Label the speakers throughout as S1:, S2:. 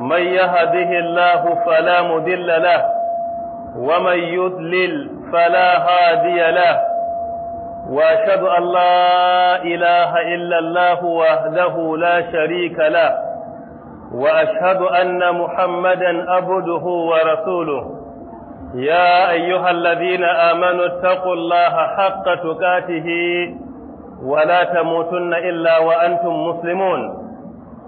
S1: من يهده الله فلا مدل له ومن يدلل فلا هادي له واشهد ان لا اله الا الله وحده لا شريك له واشهد ان محمدا عبده ورسوله يا ايها الذين امنوا اتقوا الله حق تقاته ولا تموتن الا وانتم مسلمون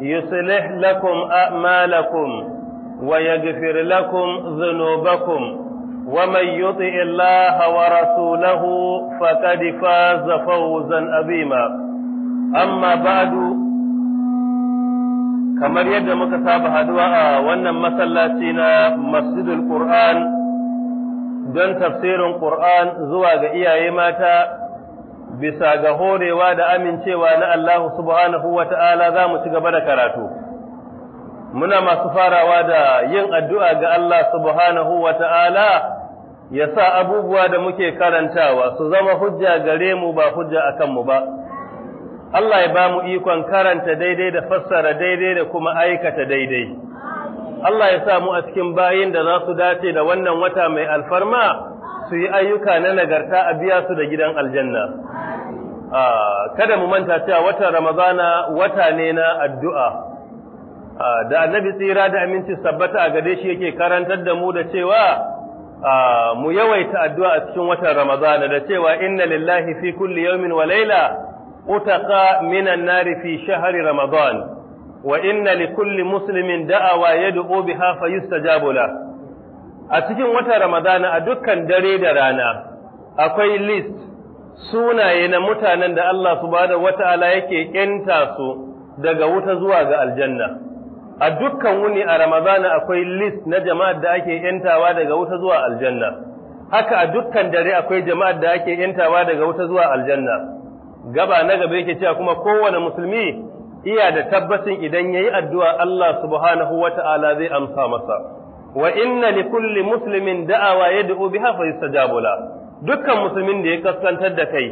S1: يصلح لكم أعمالكم ويغفر لكم ذنوبكم ومن يطع الله ورسوله فقد فاز فوزا عظيما أما بعد kamar yadda muka saba haduwa a wannan masallaci na Masjidul don tafsirin Qur'an zuwa ga iyaye mata bisa ga horewa da amincewa na Allah subhanahu wa ta'ala za mu ci gaba da karatu. Muna masu farawa da yin addu'a ga Allah subhanahu wa ta'ala ya sa abubuwa da muke karantawa su zama hujja gare mu ba hujja a mu ba. Allah ya ba mu ikon karanta daidai da fassara daidai da kuma aikata daidai. Allah ya sa mu a cikin bayin da za su dace da wannan wata mai alfarma su yi ayyuka na nagarta a biya su da gidan aljanna. Ah, kada mu manta cewa watan Ramadana wata ne na addu'a, ah, da annabi tsira da aminci sabbata a gare shi yake karantar da mu da cewa ah, mu yawaita addu'a a cikin watan Ramadana da cewa inna lillahi fi kulli yawmin wa laila utaka minan nari fi shahari Ramadan wa inna li kulli muslimin da'awa yad'u biha fayustajabu la a cikin watan Ramadana a dukkan dare da rana akwai list sunaye na mutanen da Allah subhanahu wata'ala yake kenta su daga wuta zuwa ga aljanna a dukkan wuni a ramazana akwai list na jama'ar da ake yantawa daga wuta zuwa aljanna haka a dukkan dare akwai jama'ar da ake yantawa daga wuta zuwa aljanna gaba na gaba yake cewa kuma kowane musulmi iya da tabbacin idan yayi addu'a Allah subhanahu wata'ala zai amsa masa wa inna kulle muslimin da'awa yad'u biha fa yustajabu lahu dukkan musulmin da ya kaskantar da kai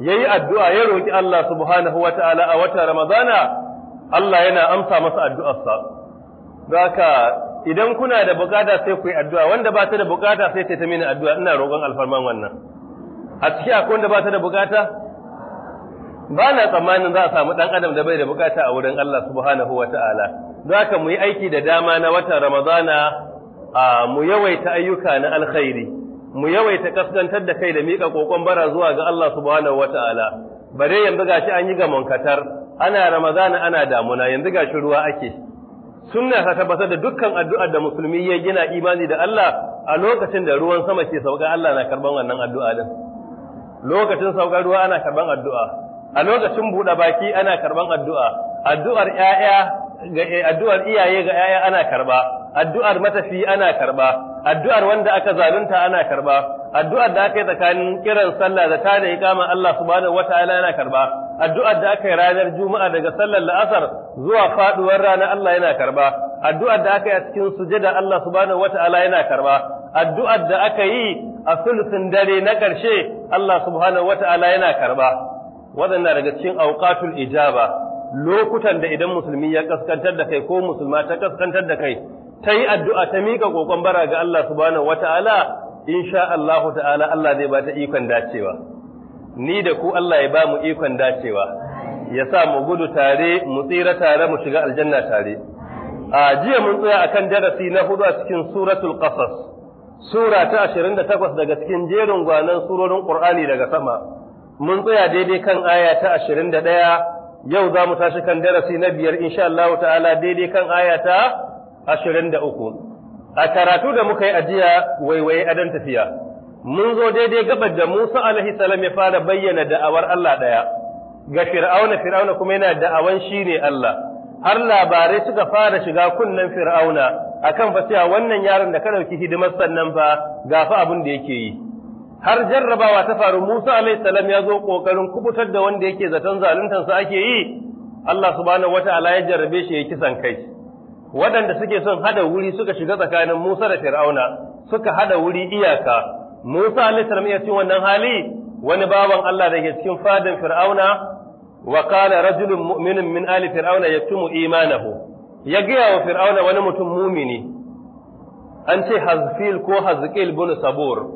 S1: ya yi addu'a ya roƙi Allah subhanahu ta’ala a wata Ramadana Allah yana amsa masa addu'arsa Za ka idan kuna da bukata sai ku yi addu'a wanda ba ta da bukata sai ta mini addu'a ina roƙon alfarman wannan a ciki akwai wanda ba ta da bukata ba na tsammanin za a samu ɗan adam da bai da bukata a wurin Allah subhanahu wa ta'ala, za ka mu yi aiki da dama na wata Ramadana a mu yawaita ayyuka na alkhairi, mu yawaita kaskantar da kai da miƙa kokon bara zuwa ga Allah subhanahu wata'ala bare yanzu gashi an yi ga munkatar ana ramazana ana damuna yanzu gashi ruwa ake sunna ta tabbatar da dukkan addu'ar da musulmi ya gina imani da Allah a lokacin da ruwan sama ke sauka Allah na karban wannan addu'a din lokacin saukar ruwa ana karban addu'a a lokacin buɗe baki ana karban addu'a addu'ar ƴaƴa ga addu'ar iyaye ga 'ya'ya ana karba addu'ar matafi ana karba addu'ar wanda aka zalunta ana karba addu'ar da aka yi tsakanin kiran sallah da tada iqama Allah subhanahu wataala yana karɓa. addu'ar da aka yi ranar juma'a daga sallar la'asar zuwa faɗuwar rana Allah yana karba addu'ar da aka yi a cikin sujada Allah subhanahu wataala yana karba addu'ar da aka yi a sulhun dare na ƙarshe Allah subhanahu wataala yana karba waɗannan daga cikin auqatul ijaba lokutan da idan musulmi ya kaskantar da kai ko musulma ta kaskantar da kai ta yi addu'a ta miƙa ƙoƙon bara ga Allah subhanahu in sha Allah ta'ala Allah zai ba ta ikon dacewa ni da ku Allah ya ba mu ikon dacewa ya sa mu gudu tare mu tsira tare mu shiga aljanna tare a jiya mun tsaya kan darasi na hudu a cikin suratul ƙasas, sura ta takwas, daga cikin jerin gwanan surorin ƙur'ani daga sama mun tsaya daidai kan aya ta ɗaya, yau za mu tashi kan darasi na biyar insha Allah ta'ala daidai kan aya ta ashirin da uku. A karatu da muka yi ajiya waiwaye adon tafiya, mun zo daidai gabar da Musa alaihi salam ya fara bayyana da'awar Allah ɗaya, ga Fir'auna Fir'auna kuma yana da'awan shi ne Allah, har labarai suka fara shiga kunnen Fir'auna akan kan fasiya wannan yaron da ka ɗauki hidimar sannan fa fa abin da yake yi. har jarrabawa ta faru Musa alaihi salam ya zo ƙoƙarin kubutar da wanda yake zaton zaluntansa ake yi Allah subhanahu ala ya jarrabe shi ya kisan kai waɗanda suke son hada wuri suka shiga tsakanin Musa da Fir'auna suka hada wuri iyaka Musa alaihi salam ya ci wannan hali wani bawan Allah da ke cikin fadin Fir'auna wa kana rajulun mu'minun min ali Fir'auna yaktumu imanahu ya gaya wa Fir'auna wani mutum mumini an ce Hazfil ko Hazqil bin Sabur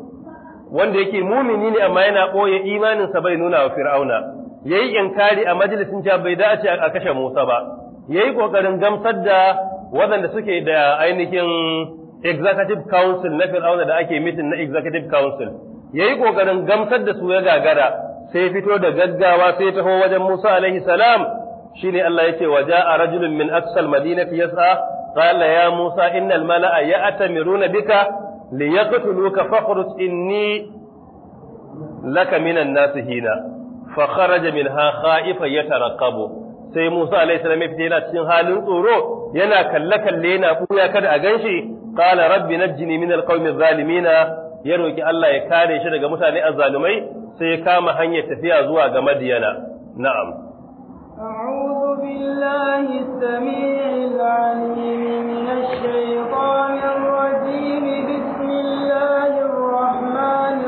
S1: wanda yake mumini ne amma yana boye sa bai nuna wa Fir'auna yayi inkari a majalisin ja bai dace a kashe Musa ba yayi kokarin gamsar da waɗanda suke da ainihin executive council na fir'auna da ake mitin na executive council yayi ƙoƙarin gamsar da su ya gagara sai fito da gaggawa sai taho wajen Musa alaihi salam ne Allah yace wa ja'a rajulun min aqsal madinati yas'a qala ya Musa innal mala'a ya'tamiruna bika liyaqtuluka fakhruj inni laka minan nasihina fa kharaja minha khaifan yatarqabu sai Musa alaihi salam ya fita yana cikin halin tsoro yana kalle kalle yana buya kada a ganshi qala rabbi najjini min alqawmi zalimina ya roki Allah ya kare shi daga mutane azzalumai sai ya kama hanyar tafiya zuwa ga Madiyana na'am
S2: أعوذ بالله السميع العليم من الشيطان الرجيم بسم الله الرحمن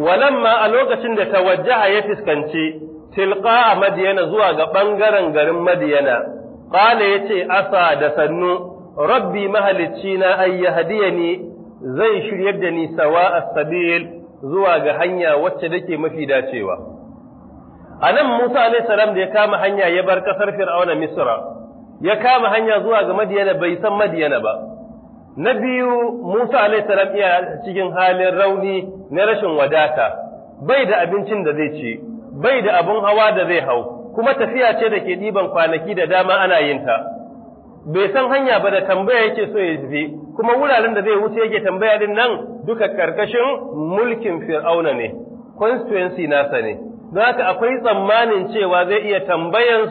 S1: walamma a lokacin da ta wajaha ya fuskanci a madiyana zuwa ga ɓangaren garin madiyana ya ce asa da sannu rabbi mahalicci na ay ne zai shiryar da ni sawa as-sabil zuwa ga hanya wacce ke mafi dacewa a nan Musa salam da ya kama hanya ya bar ƙasar Fir'auna Misra, ya kama hanya zuwa ga Madiyana bai san Madiyana ba. Na biyu Musa salam iya cikin halin rauni na rashin wadata, bai da abincin da zai ci, bai da abun hawa da zai hau, kuma tafiya ce da ke ɗiban kwanaki da dama ana yin ta. Bai san hanya ba da tambaya yake so ya je, kuma wuraren da zai wuce yake tambaya din nan duka ƙarƙashin mulkin Fir'auna ne, constituency nasa ne. zaka akwai tsammanin cewa zai iya tambayan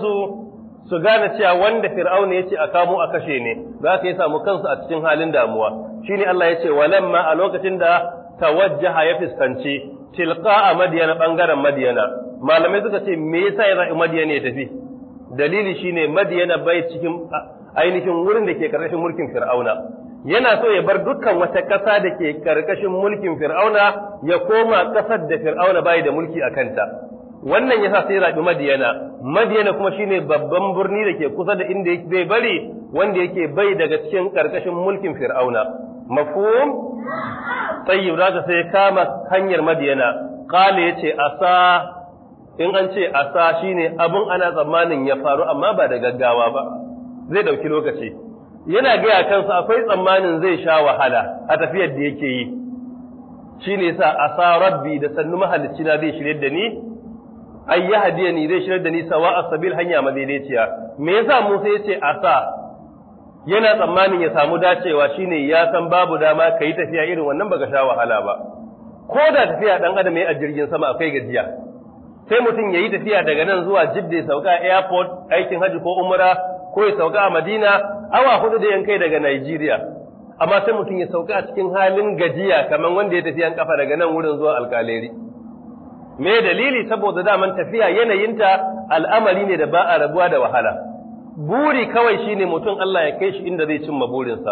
S1: su gane cewa wanda fir'auna ya ce a kamo a kashe ne zaka ya samu kansu a cikin halin damuwa shine Allah ya yace walamma a lokacin da tawajjaha ya fuskanci tilqa a madiyana bangaren madiyana malamai suka ce me yasa ya zai madiyana ya tafi dalili shine madiyana bai cikin ainihin wurin da ke karkashin mulkin fir'auna yana so ya bar dukkan wata ƙasa da ke karkashin mulkin fir'auna ya koma ƙasar da fir'auna bai da mulki a kanta wannan yasa sai Rabi Madiyana Madiyana kuma shine babban birni da ke kusa da inda zai bari wanda yake bai daga cikin karkashin mulkin Fir'auna mafhum tayyib raka sai kama hanyar Madiyana qala yace asa in an ce asa shine abun ana tsammanin ya faru amma ba da gaggawa ba zai dauki lokaci yana gaya kansa akwai tsammanin zai sha wahala a tafiyar da yake yi shine yasa asa rabbi da sannu mahalicci na zai shirye da ni ay ni zai shirar da ni sawa sabil hanya madaidaiciya me yasa Musa yace sa yana tsammanin ya samu dacewa shine ya san babu dama kai tafiya irin wannan baka sha wahala ba ko da tafiya dan adam yayi a jirgin sama akwai gajiya sai mutum yayi tafiya daga nan zuwa Jidda sauka airport aikin haji ko umra ko ya sauka a Madina awa hudu da yankai daga Nigeria amma sai mutum ya sauka a cikin halin gajiya kamar wanda ya tafi yan kafa daga nan wurin zuwa alkaleri me dalili saboda daman tafiya yanayinta al'amari ne da ba a rabuwa da wahala buri kawai shine mutum Allah ya kai shi inda zai cimma burinsa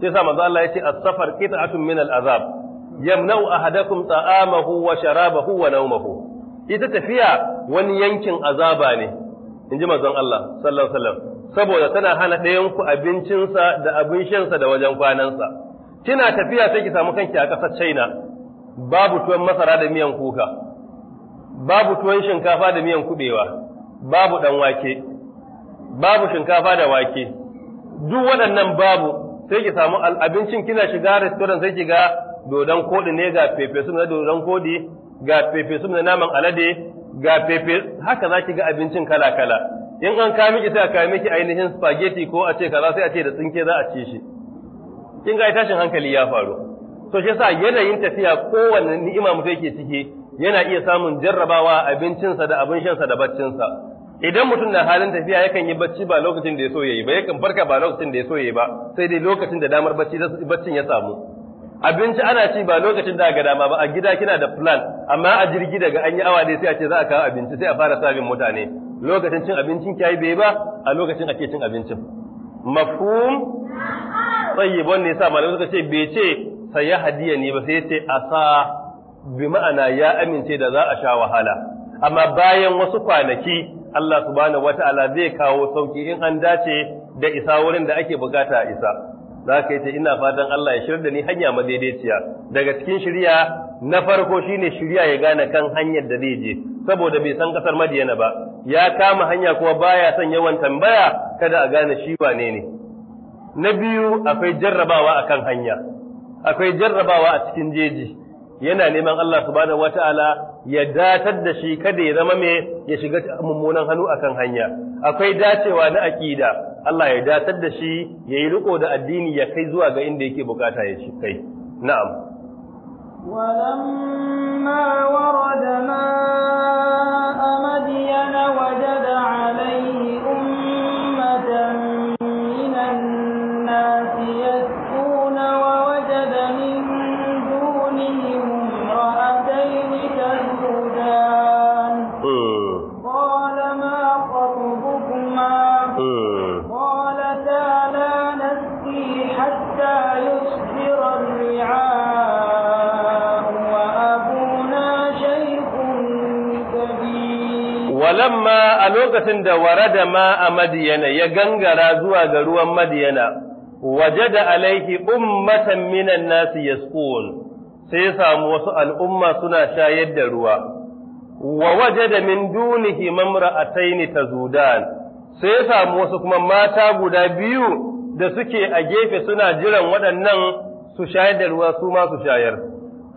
S1: sai sa manzo Allah ya ce as-safar qita'atun min al-azab yamna'u ahadakum ta'amahu wa sharabahu wa nawmahu ita tafiya wani yankin azaba ne inji manzon Allah sallallahu alaihi wasallam saboda tana hana ɗayan ku abincinsa da abin shansa da wajen kwanansa kina tafiya sai ki samu kanki a ƙasar China babu tuwon masara da miyan kuka babu tuwon shinkafa da miyan kubewa babu ɗan wake babu shinkafa da wake duk waɗannan babu sai ki samu abincin kina shiga restaurant sai ki ga dodon koɗi ne ga pepe na dodon koɗi, ga pepe na naman alade ga pepe haka za ki ga abincin kala kala in an kawo miki sai a kawo miki ainihin spaghetti ko a ce kaza sai a ce da tsinke za a ci shi kin ga tashin hankali ya faru to shi yasa yanayin tafiya kowanne ni'ima mutum yake ciki yana iya samun jarrabawa abincinsa da abin shansa da baccinsa idan mutum na halin tafiya yakan yi bacci ba lokacin da ya so yayi ba yakan barka ba lokacin da ya so yayi ba sai dai lokacin da damar bacci baccin ya samu abinci ana ci ba lokacin da ga dama ba a gida kina da plan amma a jirgi daga an yi awa dai sai a ce za a kawo abinci sai a fara sabin mutane lokacin cin abincin kyayi bai ba a lokacin ake cin abincin mafhum tayyibun ne sa malamai suka ce bai ce sai ya hadiya ne ba sai ya ce asa bi ma'ana ya amince da za a sha wahala amma bayan wasu kwanaki Allah subhanahu wata'ala zai kawo sauki in an dace da isa wurin da ake bukata a isa za ka yi ina fatan Allah ya shirya da ni hanya madaidaiciya daga cikin shirya na farko shine shirya ya gane kan hanyar da zai je saboda bai san kasar Madiyana ba ya kama hanya kuma baya son yawan tambaya kada a gane shi wane ne na biyu akwai jarrabawa akan hanya akwai jarrabawa a cikin jeji yana neman Allah su wata ala ya datar da shi kada ya zama mai ya shiga mummunan hannu a kan hanya akwai dacewa na aqida Allah ya datar da shi yayi riko da addini ya kai zuwa ga inda yake bukata ya shi kai na'am
S2: walamma warada ma
S1: lokacin da warada ma a madiyana ya gangara zuwa ga ruwan madiyana waje da alaiki ummatan minan nasi yasqun sai samu wasu al'umma suna shayar da ruwa wa wajada min dunihi mamra'ataini tazudan sai samu wasu kuma mata guda biyu da suke a gefe suna jiran waɗannan su shayar da ruwa su ma su shayar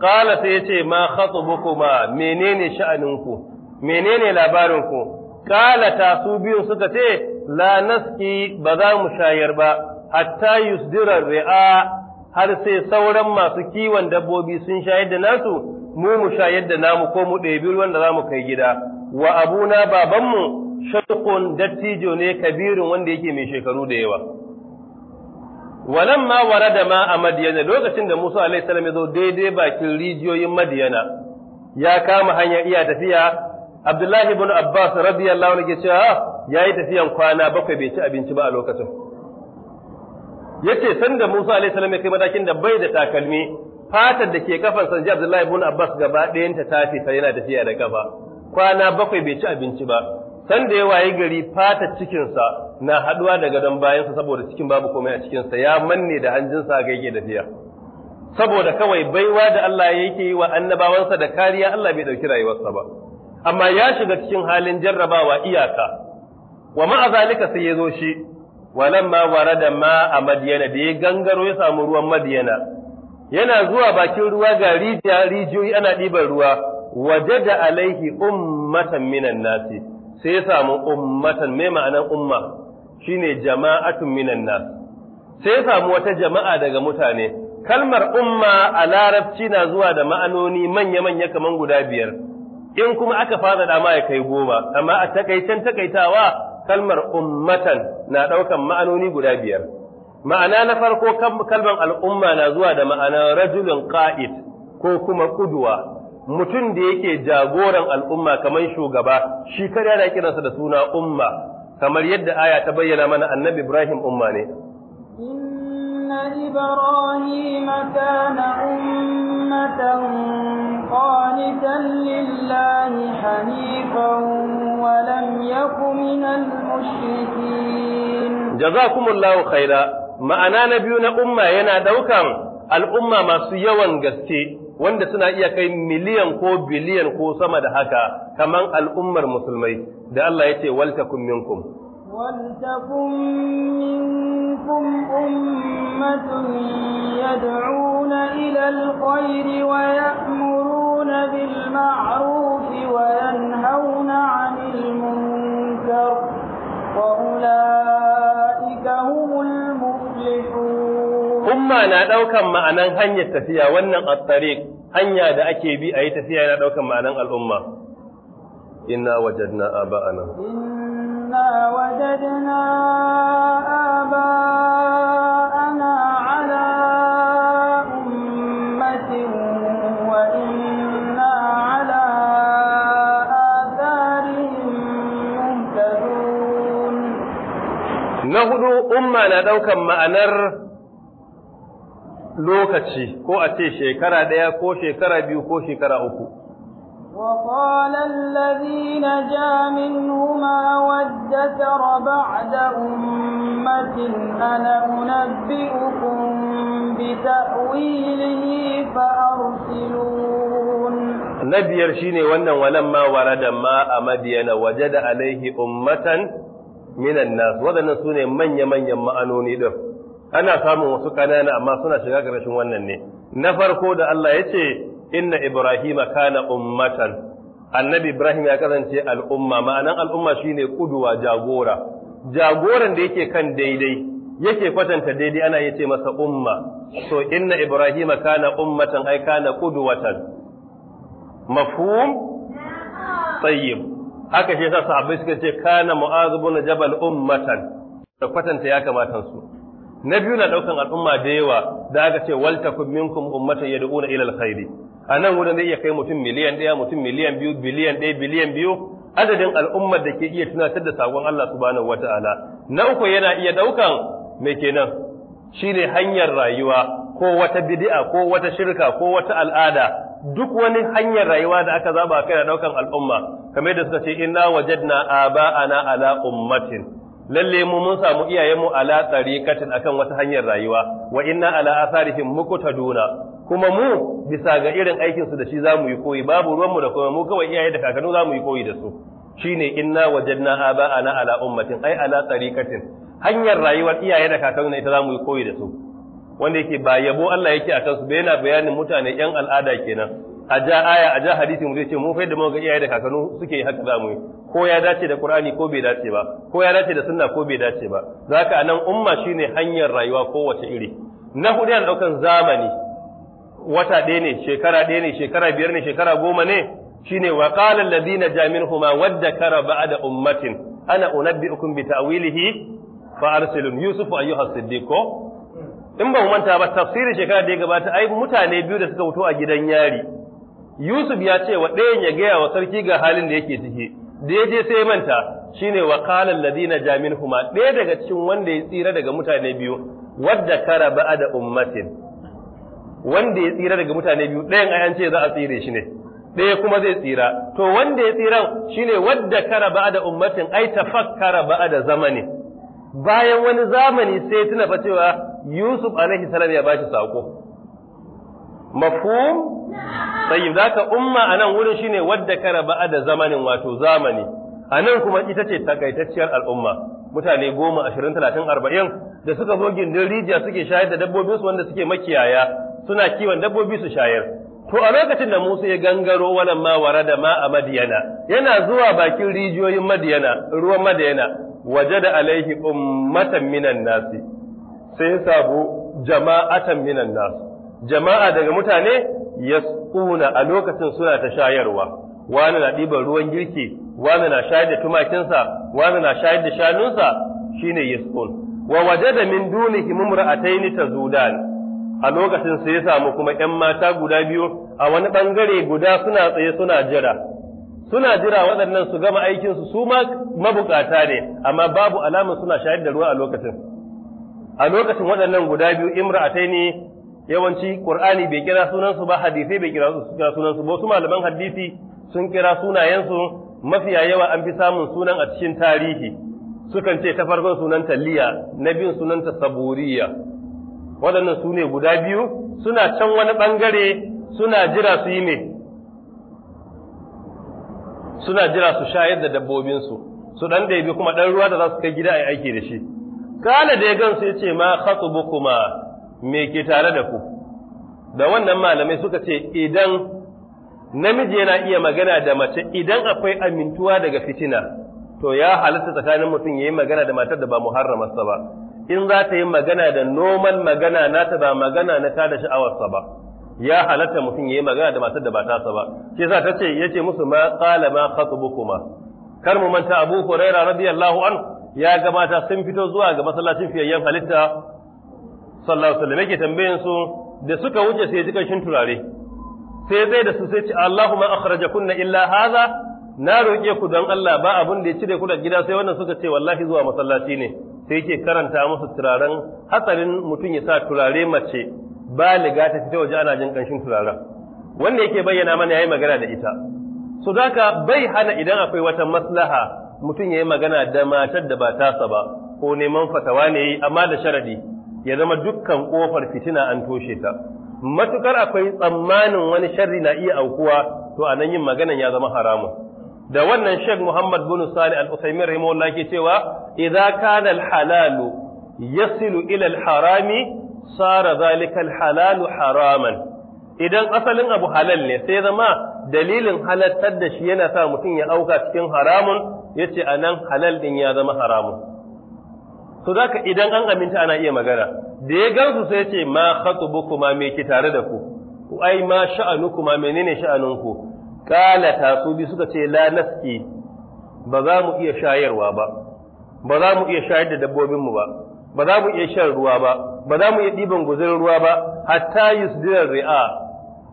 S1: qala sai ce ma khatubukuma menene sha'aninku menene labarinku kalata su biyu suka ce la naski ba za mu shayar ba hatta yusdira ri'a har sai sauran masu kiwon dabbobi sun shayar da nasu mu mu shayar da namu ko mu ɗebi ruwan da za mu kai gida wa abuna babanmu shakun dattijo ne kabirin wanda yake mai shekaru da yawa walamma da ma a madiyana lokacin da Musa alaihi salam ya zo daidai bakin rijiyoyin madiyana ya kama hanyar iya tafiya Abdullahi ibn Abbas radiyallahu anhu ke cewa ah, yayi tafiyan kwana bakwai bai ci abinci ba a lokacin. Yace sanda Musa alaihi salam ya kai matakin da bai da takalmi fatar da ke kafan sanji Abdullahi ibn Abbas gaba ɗayan ta tafi ta yana tafiya da kafa. Kwana bakwai bai ci abinci ba. Sanda ya wayi gari fatar cikinsa na haɗuwa da gadon bayansa saboda cikin babu komai a cikinsa ya manne da hanjinsa ga yake tafiya. Saboda kawai baiwa da Allah yake yi wa annabawansa da kariya Allah bai ɗauki rayuwarsa ba. amma ya shiga cikin halin jarrabawa iyaka wa ma'a zalika sai ya zo shi walamma warada ma a madiyana da ya gangaro ya samu ruwan madiyana yana zuwa bakin ruwa ga rijiya rijiyoyi ana ɗiban ruwa wajada alaihi ummatan minan nasi sai ya samu ummatan mai ma'anar umma shine jama'atun minan nas sai ya samu wata jama'a daga mutane kalmar umma a larabci na zuwa da ma'anoni manya-manya kamar guda biyar in kuma aka fara dama ya kai goma amma a takaicen takaitawa kalmar ummatan na ɗaukan ma'anoni guda biyar ma'ana na farko kalmar al'umma na zuwa da ma'ana rajulun qa'id ko kuma ƙuduwa. mutum da yake jagoran al'umma kamar shugaba shi kada da kiransa da suna umma kamar yadda aya ta bayyana mana annabi Ibrahim umma ne
S2: إن إبراهيم كان أمة قانتا لله حنيفا ولم يكن من المشركين
S1: جزاكم الله خيرا ma'ana na biyu na umma yana ɗaukan al'umma masu yawan gaske wanda suna iya kai miliyan ko biliyan ko sama da haka kaman al'ummar musulmai da Allah ya ce waltakum minkum
S2: ولتكن منكم أمة يدعون إلى الخير ويأمرون بالمعروف وينهون عن المنكر وأولئك هم المفلحون
S1: ثم أنا ɗaukan ma'anan hanyar tafiya wannan at hanya da ake bi a yi tafiya yana ɗaukan ma'anan al'umma inna wajadna aba'ana
S2: na وجدنا آباءنا على أمة وإنا على آثارهم مهتدون
S1: نهد أمنا مأنر lokaci ko a ce shekara ɗaya ko shekara biyu ko shekara uku
S2: وقال الذي نجا منهما وادكر بعد أمة أنا أنبئكم بتأويله فأرسلون
S1: نبي يرشيني وانا ولما ورد ما أمدينا وجد عليه أمة من الناس وذا سوني من يمن يمأنوني له ana samun wasu ƙanana amma suna shiga ƙarshen wannan ne na farko da Allah ya ce inna ibrahima kana ummatan annabi ibrahim ya kasance al'umma ma'anan al'umma shine kuduwa jagora jagoran da yake kan daidai yake kwatanta daidai ana yace masa umma so inna ibrahima kana ummatan ai kana kuduwatan mafhum tayyib haka shi yasa sahabbai suka ce kana mu'az jabal ummatan da kwatanta ya kamata su na biyu na daukan al'umma da yawa da aka ce wal takum minkum ummatan yad'una ila alkhairi anan wurin da iya kai mutum miliyan ɗaya mutum miliyan biyu biliyan ɗaya biliyan biyu adadin al'umma da ke iya tunatar da sakon Allah subhanahu wataala na uku yana iya daukan me kenan shine hanyar rayuwa ko wata bid'a ko wata shirka ko wata al'ada duk wani hanyar rayuwa da aka zaba kai da daukan al'umma kamar da suka ce inna wajadna aba'ana ala ummatin lalle mu mun samu iyayen mu ala katin akan wata hanyar rayuwa wa inna ala ta muqtaduna kuma mu bisa ga irin aikin su da shi zamu yi koyi babu ruwan mu da kuma mu kawai iyaye da kakanni zamu yi koyi da su shine inna wajadna aba'ana ala ummatin ai ala tariqatin hanyar rayuwar iyaye da kakanni ita zamu yi koyi da su wanda yake ba yabo Allah yake akan su ba yana bayanin mutane yan al'ada kenan a ja aya a ja hadisi mu zai ce mu fa yadda muka ga iyaye da kakannu suke yi haka zamu yi ko ya dace da Qur'ani ko bai dace ba ko ya dace da sunna ko bai dace ba zaka anan umma shine hanyar rayuwa kowace iri na hudu yana daukan zamani wata ɗaya ne shekara ɗaya ne shekara biyar ne shekara goma ne shine wa qala alladhina jaminhuma waddakara ba'da ummatin ana unabbi'ukum bi ta'wilihi fa arsilun yusufu ayyuha siddiqo in ba manta ba tafsirin shekara da ya gabata ai mutane biyu da suka fito a gidan yari Yusuf ya ce wa ɗayan ya gaya wa sarki ga halin da yake ciki, da ya je sai manta shi ne wa qala alladhina jamin huma ɗaya daga cikin wanda ya tsira daga mutane biyu wadda kara ba'a da ummatin wanda ya tsira daga mutane biyu ɗayan ayan ce za a tsire shi ne ɗaya kuma zai tsira to wanda ya tsira shi ne wadda kara ba'a da ummatin ai tafakkara ba'a da zamani bayan wani zamani sai tuna fa cewa Yusuf alaihi salam ya bashi sako mafhum tayyib zaka umma anan wurin shine wadda kara ba'a da zamanin wato zamani anan kuma ita ce takaitacciyar al'umma mutane goma ashirin talatin arba'in da suka zo gindin rijiya suke shayar da su wanda suke makiyaya suna kiwon dabbobi su shayar to a lokacin da Musa ya gangaro wannan ma da ma a Madiyana yana zuwa bakin rijiyoyin Madiyana ruwan Madiyana wajada alaihi ummatan minan nasi sai ya sabu jama'atan minan nasi jama'a daga mutane yasquna a lokacin suna ta shayarwa wani na ɗiban ruwan girki wani na shayar da tumakinsa wani na shayar da shanunsa shine yasqun wa wajada min dunihi mumra'atayn tazudan a lokacin sai ya samu kuma ‘yan mata guda biyu a wani ɓangare guda suna tsaye suna jira. Suna jira waɗannan su gama aikinsu su ma mabukata ne, amma babu alamun suna shayar da ruwa a lokacin. A lokacin waɗannan guda biyu imra a ne yawanci Qur'ani bai kira sunansu ba hadisai bai kira sunansu ba wasu malaman hadisi sun kira sunayensu mafiya yawa an fi samun sunan a cikin tarihi sukan ce ta farkon sunan talliya na biyun ta saburiya waɗannan su ne guda biyu suna can wani ɓangare suna jira su yi ne suna jira su shayar da dabbobinsu su ɗan ɗaibi kuma ɗan ruwa da za su kai gida a aiki da shi kana da ya gansu ya ce ma kuma me ke tare da ku da wannan malamai suka ce idan namiji yana iya magana da mace idan akwai amintuwa daga fitina to ya halatta tsakanin mutum ya yi magana da matar da ba muharramarsa ba in za ta yi magana da noman magana nata ba magana na tada sha'awarsa ba ya halatta mutum ya yi magana da matar da ba tasa ba shi yasa ta ce yace musu ma qala ma khatubukuma kar mu manta Abu Hurairah radiyallahu anhu ya gabata sun fito zuwa ga masallacin fiyayyen halitta sallallahu alaihi wasallam yake tambayin su da suka wuce sai ji kanshin turare sai zai da su sai ce Allahumma kunna illa hadha na roƙe ku don Allah ba abin da ya cire ku da gida sai wannan suka ce wallahi zuwa masallaci ne sai yake karanta musu turaren hatsarin mutum ya sa turare mace ba liga ta fita waje ana jin kanshin turaren wanda yake bayyana mana yayi magana da ita su zaka bai hana idan akwai wata maslaha mutum ya yi magana da matar da ba tasa ba ko neman fatawa ne amma da sharadi ya zama dukkan kofar fitina an toshe ta matukar akwai tsammanin wani sharri na iya aukuwa to anan yin magana ya zama haramun da wannan Sheikh Muhammad bin Sali Al-Utsaimin rahimahullah ke cewa idza kana al-halalu yasilu ila al-harami sara zalika al-halalu haraman idan asalin abu halal ne sai zama dalilin halattar da shi yana sa mutum ya auka cikin haramun yace anan halal din ya zama haramun so zaka idan an aminta ana iya magana da ya gansu sai ce ma kuma me ki tare da ku Ku ai ma sha'anukuma menene sha'anunku kala su bi suka ce la naski ba za mu iya shayarwa ba ba za mu iya shayar da dabbobin mu ba ba za mu iya shan ruwa ba ba za mu iya ɗiban guzurin ruwa ba hatta yusdir ri'a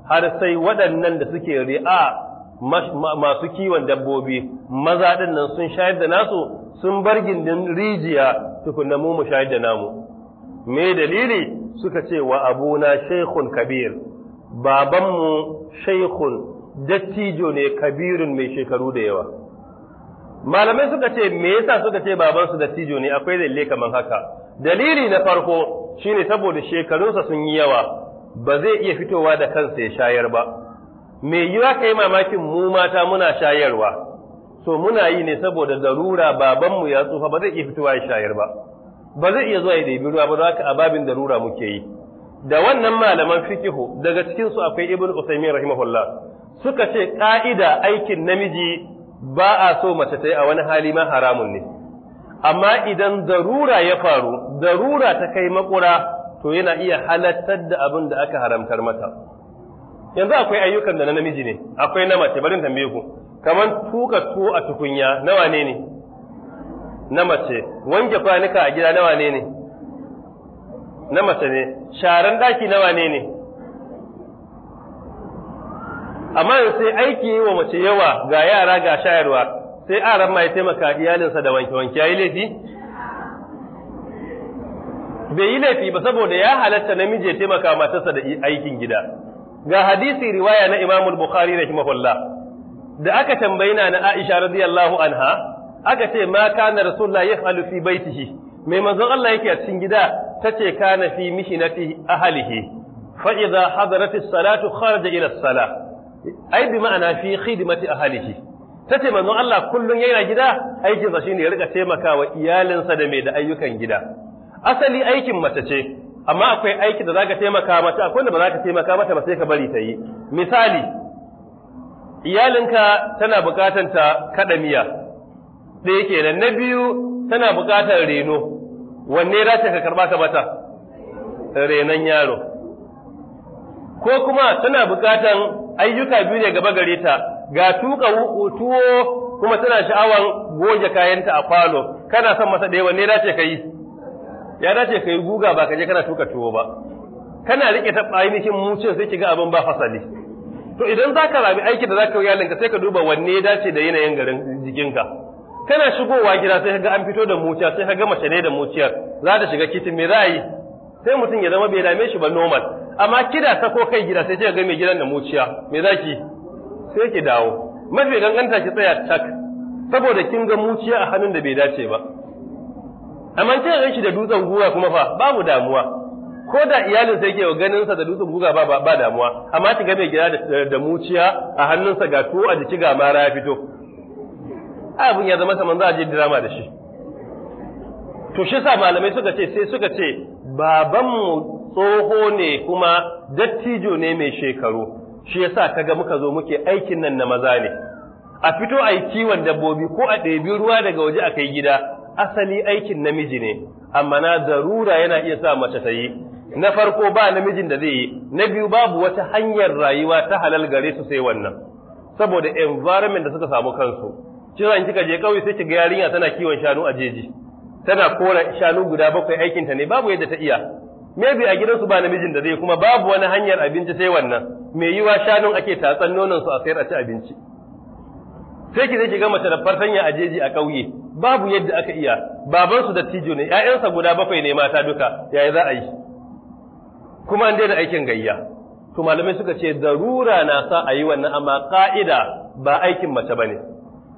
S1: har sai waɗannan da suke ri'a masu kiwon dabbobi maza din nan sun shayar da nasu sun bar gindin rijiya tukunna mu mu shayar da namu me dalili suka ce wa abuna shaykhun kabir babanmu shaykhun dattijo ne kabirun mai shekaru da yawa malamai suka ce me yasa suka ce babansu dattijo ne akwai dalile kaman haka dalili na farko shine saboda shekarunsa sun yi yawa ba zai iya fitowa da kansa ya shayar ba me ka yi mamakin mu mata muna shayarwa to muna yi ne saboda darura babanmu ya tsufa ba zai iya fitowa ya shayar ba ba zai iya zuwa ya ɗebi ruwa ba za ka ababin darura muke yi da wannan malaman fikihu daga cikin su akwai ibn usaimin rahimahullah suka ce ka'ida aikin namiji ba a so mace ta yi a wani hali ma haramun ne amma idan darura ya faru darura ta kai makura to yana iya halattar da abin da aka haramtar mata yanzu akwai ayyukan da na namiji ne akwai na mace barin tambaye ku kamar tuka tuwo a tukunya nawa ne ne na mace wanke kwanuka a gida nawa ne ne na mace ne sharan daki nawa ne ne amma sai aiki wa mace yawa ga yara ga shayarwa sai aran ma ya taimaka iyalinsa da wanke wanke yayi laifi bai yi laifi ba saboda ya halatta namiji ya taimaka matarsa da aikin gida ga hadisi riwaya na Imam Bukhari da rahimahullah da aka tambayi na Aisha radiyallahu anha aka ce ma kana rasulullah yaf'alu fi baitihi mai manzon Allah yake a cikin gida tace kana fi mishinati ahlihi fa idza hadarat as-salatu kharaja ila salah ai bi ma'ana fi khidmati ahlihi tace manzon Allah kullun yana gida aikin sa shine ya rika taimakawa iyalinsa da mai da ayyukan gida asali aikin mace ce amma akwai aiki da zaka taimaka mata akwai da ba zaka taimaka mata ba sai ka bari ta yi misali iyalinka tana bukatar ta kada miya ɗaya kenan na biyu tana bukatar reno wanne za ka karba ka mata renon yaro ko kuma tana bukatan ayyuka biyu ne gaba gare ta ga tuka tuwo kuma tana sha'awan goge kayanta a falo kana son masa ɗaya wanne za ka yi ya dace ka yi guga ba ka je kana tuka tuwo ba kana rike ta ainihin mucin sai kiga abin ba fasali to idan za ka rabi aiki da za ka yi sai ka duba wanne ya dace da yanayin garin jikinka kana shigowa gida sai kaga an fito da muciya sai kaga mace ne da muciyar za ta shiga kitin me za yi sai mutum ya zama bai dame shi ba normal amma kida ta ko kai gida sai ka ga mai gidan da muciya me za ki sai ki dawo mafi ganganta ki tsaya tak saboda kin ga muciya a hannun da bai dace ba amma ta yi shi da dutsen guga kuma fa babu damuwa ko da iyalin sai ke ganin sa da dutsen guga ba ba damuwa amma ta mai gida da muciya a hannunsa ga tuwo a jiki ga mara ya fito abin ya zama saman za a je drama da shi to shi sa malamai suka ce sai suka ce babanmu tsoho ne kuma dattijo ne mai shekaru shi yasa ga muka zo muke aikin nan na maza ne a fito a yi kiwon dabbobi ko a ɗebi ruwa daga waje a kai gida asali aikin namiji ne amma na zarura yana iya sa mace ta yi na farko ba namijin da zai yi na biyu babu wata hanyar rayuwa ta halal gare su sai wannan saboda environment da suka samu kansu kiran kika je kauye sai kiga yarinya tana kiwon shanu a jeji tana kora shanu guda bakwai aikinta ne babu yadda ta iya maybe a gidansu ba namijin da zai kuma babu wani hanyar abinci sai wannan mai yiwa shanun ake tatsan nonon su a sayar a ci abinci sai ki zai ki ga mace da fartanya a jeji a ƙauye babu yadda aka iya baban su dattijo ne Ya'yansa guda bakwai ne mata duka yaya za a yi kuma an daina aikin gayya to malamai suka ce darura na sa a yi wannan amma ka'ida ba aikin mace bane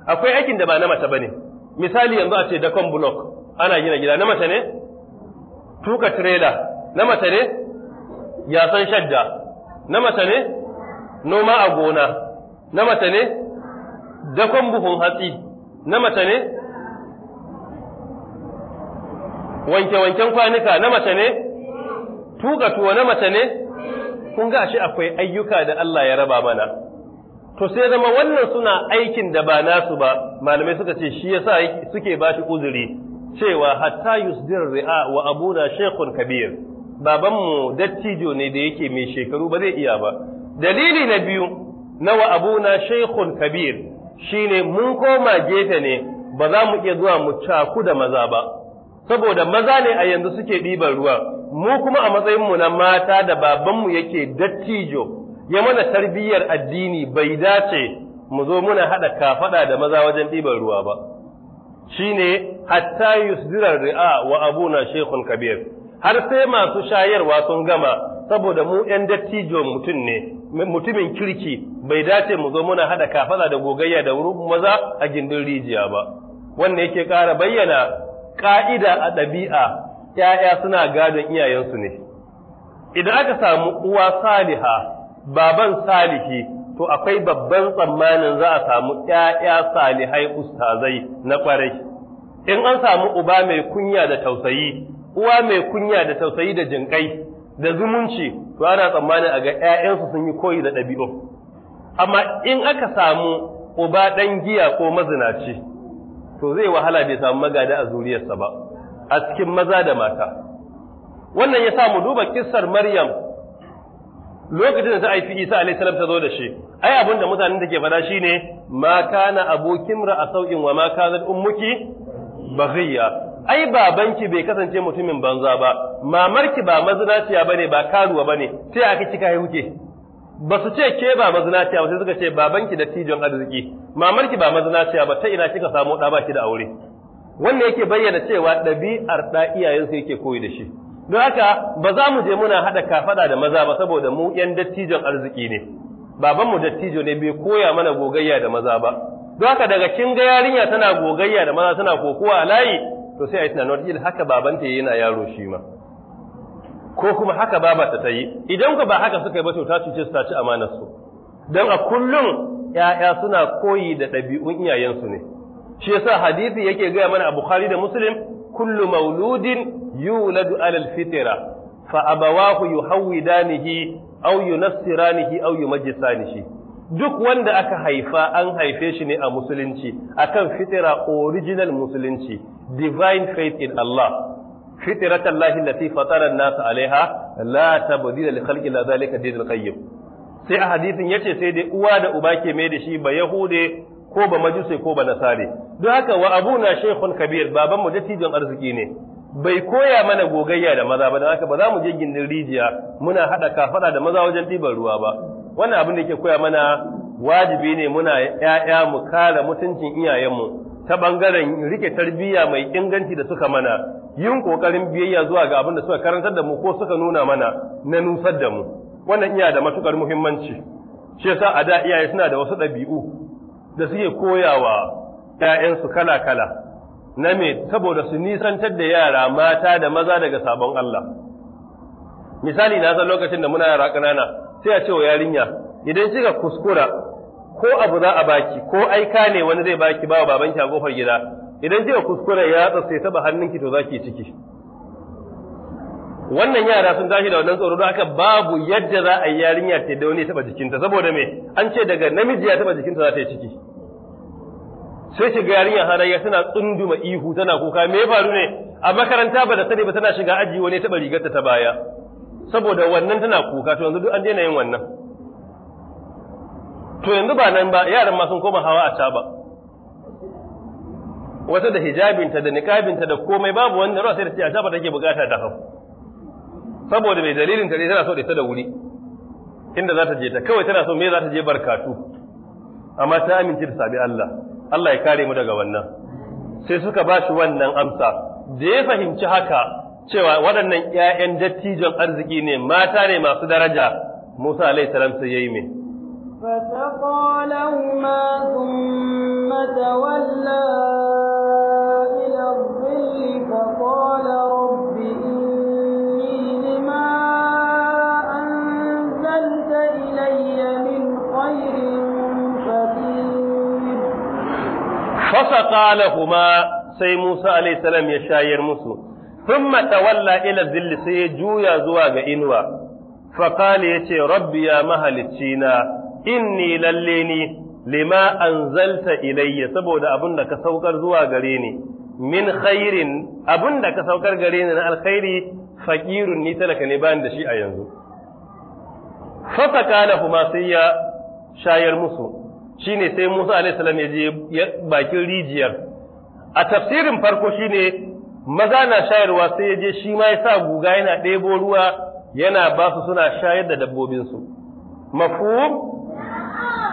S1: akwai aikin da ba na mace bane misali yanzu a ce dakon block ana gina gida na mace ne tuka trailer na mace ne yasan shadda na mace ne noma a gona na mace ne dakon buhun hatsi na mace ne wanke-wanken kwanuka na mace ne tuka tuwo na mace ne kun ga shi akwai ayyuka da Allah ya raba mana to sai zama wannan suna aikin da ba nasu ba malamai suka ce shi yasa suke ba shi uzuri cewa hatta yusdir ri'a wa abuna shaykhun kabir babanmu dattijo ne da yake mai shekaru ba zai iya ba dalili na biyu na wa abuna shaykhun kabir shine mun koma gefe ne ba za mu iya zuwa mu caku da maza ba saboda maza ne a yanzu suke ɗiban ruwa mu kuma a matsayin mu na mata da babanmu yake dattijo ya mana tarbiyyar addini bai dace mu zo muna haɗa kafaɗa da maza wajen ɗiban ruwa ba shine hatta yusdirar ri'a wa abuna shekun kabir har sai masu shayarwa sun gama saboda mu ‘yan dattijo mutum ne mutumin kirki bai dace mu zo muna hada kafada da gogayya da wurin maza a gindin rijiya ba wannan yake ƙara bayyana ka'ida a ɗabi'a ƴaƴa suna gadon iyayensu ne idan aka samu uwa saliha baban salihi to akwai babban tsammanin za a samu ƴaƴa salihai ustazai na ƙwarai in an samu uba mai kunya da tausayi uwa mai kunya da tausayi da jinƙai da zumunci to ana tsammanin a ga ‘ya'yansu sun yi koyi da ɗabi'u. Amma in aka samu uba ɗan giya ko mazinaci, to zai wahala bai samu magada a zuriyarsa ba, a cikin maza da mata. Wannan ya mu duba kissar Maryam lokacin da ta haifi Isa alaihi salam ta zo da shi. Ai abin mutanen da ke faɗa shine ma kana abokin ra a sau'in wa ma kana ummuki baghiya ai babanki bai kasance mutumin banza ba mamarki ba mazinaciya bane ba karuwa bane sai aka kika yi huke ba su ce ke ba mazinaciya ba sai suka ce babanki da tijon arziki mamarki ba mazinaciya ba ta ina kika samu da baki da aure wanda yake bayyana cewa ɗabi'ar da iyayensu yake koyi da shi don haka ba za mu je muna haɗa kafaɗa da maza ba saboda mu ‘yan dattijon arziki ne babanmu dattijo ne bai koya mana gogayya da maza ba don daga kin ga yarinya tana gogayya da maza tana kokowa a layi to sai a yi tunanin wajen haka babanta yana yaro shi ma ko kuma haka babata ta yi idan ku ba haka suka yi ba ta cuce su ta ci amanar su don a kullum ‘ya'ya suna koyi da ɗabi'un iyayensu ne shi yasa hadisi yake gaya mana a Bukhari da Muslim kullu mauludin yuladu alal fitira fa abawahu yuhawidanihi aw yunassiranihi aw yumajjisanihi duk wanda aka haifa an haife shi ne a musulunci akan fitira original musulunci divine faith in Allah fitratan lahi lati fatara nasu alaiha la tabdila li khalqi la zalika dinul qayyim sai a hadisin yace sai dai uwa da uba ke mai da shi ba yahude ko ba majuse ko ba nasare don haka wa na shaykhun kabir baban mu dattijon arziki ne bai koya mana gogayya da maza ba don haka ba za mu je gindin rijiya muna hada kafada da maza wajen ɗiban ruwa ba wannan abin da yake koya mana wajibi ne muna ‘ya'ya mu kare mutuncin iyayenmu ta bangaren rike tarbiyya mai inganci da suka mana yin ƙoƙarin biyayya zuwa ga abin da suka karantar da mu ko suka nuna mana na nusar da mu wannan iya da matuƙar muhimmanci shi yasa a da iyaye suna da wasu ɗabi'u da suke koyawa ‘ya'yansu kala-kala na me saboda su nisantar da yara mata da maza daga sabon Allah misali na san lokacin da muna yara ƙanana sai a ce wa yarinya idan kika kuskura ko abu za a baki ko aika ne wani zai baki ba baban ki a kofar gida idan kika kuskura ya tsatsa taba hannunki to zaki ciki wannan yara sun tashi da wannan tsoro don haka babu yadda za a yi yarinya ta da wani taba jikinta saboda me an ce daga namiji ya taba jikinta za ta yi ciki sai shiga yarinya ya tana tsunduma ihu tana kuka me faru ne a makaranta ba da sani ba tana shiga aji wani taba rigarta ta baya saboda wannan tana kuka to yanzu duk an daina yin wannan to yanzu ba nan ba yaran ma sun koma hawa a ba wata da hijabinta da niqabinta da komai babu wanda ruwa sai da ce a take bukata ta hau saboda mai dalilin ta ne tana so da ita da wuri inda za ta je ta kawai tana so me za ta je barkatu amma ta amince da sabi Allah Allah ya kare mu daga wannan sai suka ba shi wannan amsa da ya fahimci haka cewa waɗannan ‘ya’yan dattijon arziki ne mata ne masu daraja Musa alai salam su yayi min. Fasa ƙalahu ma sai Musa alai salam ya shayar musu. thumma tawalla ila dhilli sai ya juya zuwa ga inuwa fa qala yace rabbi ya mahalicina inni lallai ni lima anzalta ilayya saboda abin da ka saukar zuwa gare ni min khairin da ka saukar gare ni na alkhairi faqirun ni talaka ne bani da shi a yanzu fa sakala huma sai ya shayar musu shine sai Musa alaihi salam ya je bakin rijiyar a tafsirin farko shine maza na shayarwa sai ya je shi ma ya sa guga yana ɗebo ruwa yana ba su suna shayar da dabbobinsu Mafu?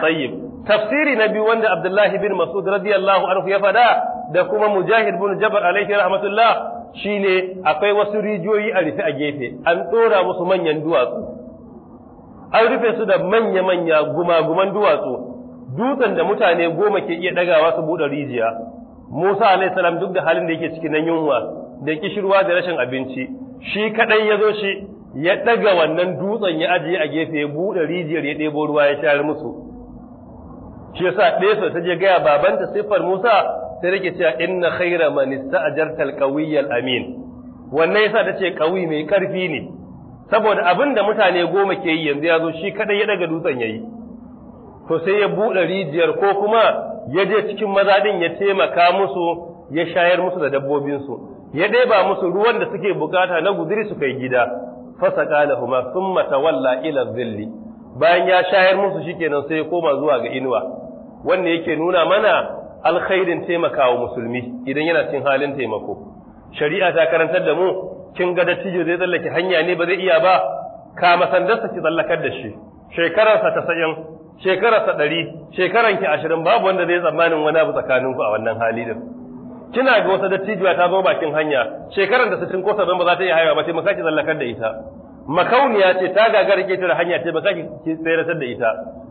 S1: tayyib tafsiri na biyu wanda Abdullahi bin Mas'ud radiyallahu anhu ya fada da kuma Mujahid bin Jabr alaihi rahmatullah shine akwai wasu rijiyoyi a rufe a gefe an tsora musu manyan duwatsu an rufe su da manya-manya guma-guman duwatsu dutsen da mutane goma ke iya ɗagawa su buɗe rijiya Musa alayhi salam duk da halin da yake cikin nan yunwa da kishirwa da rashin abinci shi kadai ya zo shi ya daga wannan dutsen ya ajiye a gefe ya buɗe rijiyar ya ɗebo ruwa ya shayar musu shi yasa ɗesa ta je gaya babanta siffar Musa sai rike cewa inna khaira man jartar al amin wannan yasa ta ce qawi mai karfi ne saboda abin da mutane goma ke yi yanzu ya zo shi kadai ya daga dutsen yayi to sai ya buɗe rijiyar ko kuma ya je cikin mazaɗin ya taimaka musu ya shayar musu da dabbobinsu ya ɗeba musu ruwan da suke bukata na guziri su kai gida fasa sun mata walla ila zilli bayan ya shayar musu shi shikenan sai ya koma zuwa ga inuwa wanda yake nuna mana alkhairin taimakawa musulmi idan yana cikin halin taimako shari'a ta karantar da mu kin ga dattijo zai tsallake hanya ne ba zai iya ba ka masandarsa ki tsallakar da shi shekararsa ta sayan shekararsa ɗari shekaran ki ashirin babu wanda zai tsammanin wani abu tsakaninku a wannan hali din kina ga wata dattijuwa ta zo bakin hanya shekaran da sittin kosa don ba za ta iya haihuwa ba ce maka ki zallakar da ita makauniya ce ta gagara ke tare hanya ce ba ki tsayar da ita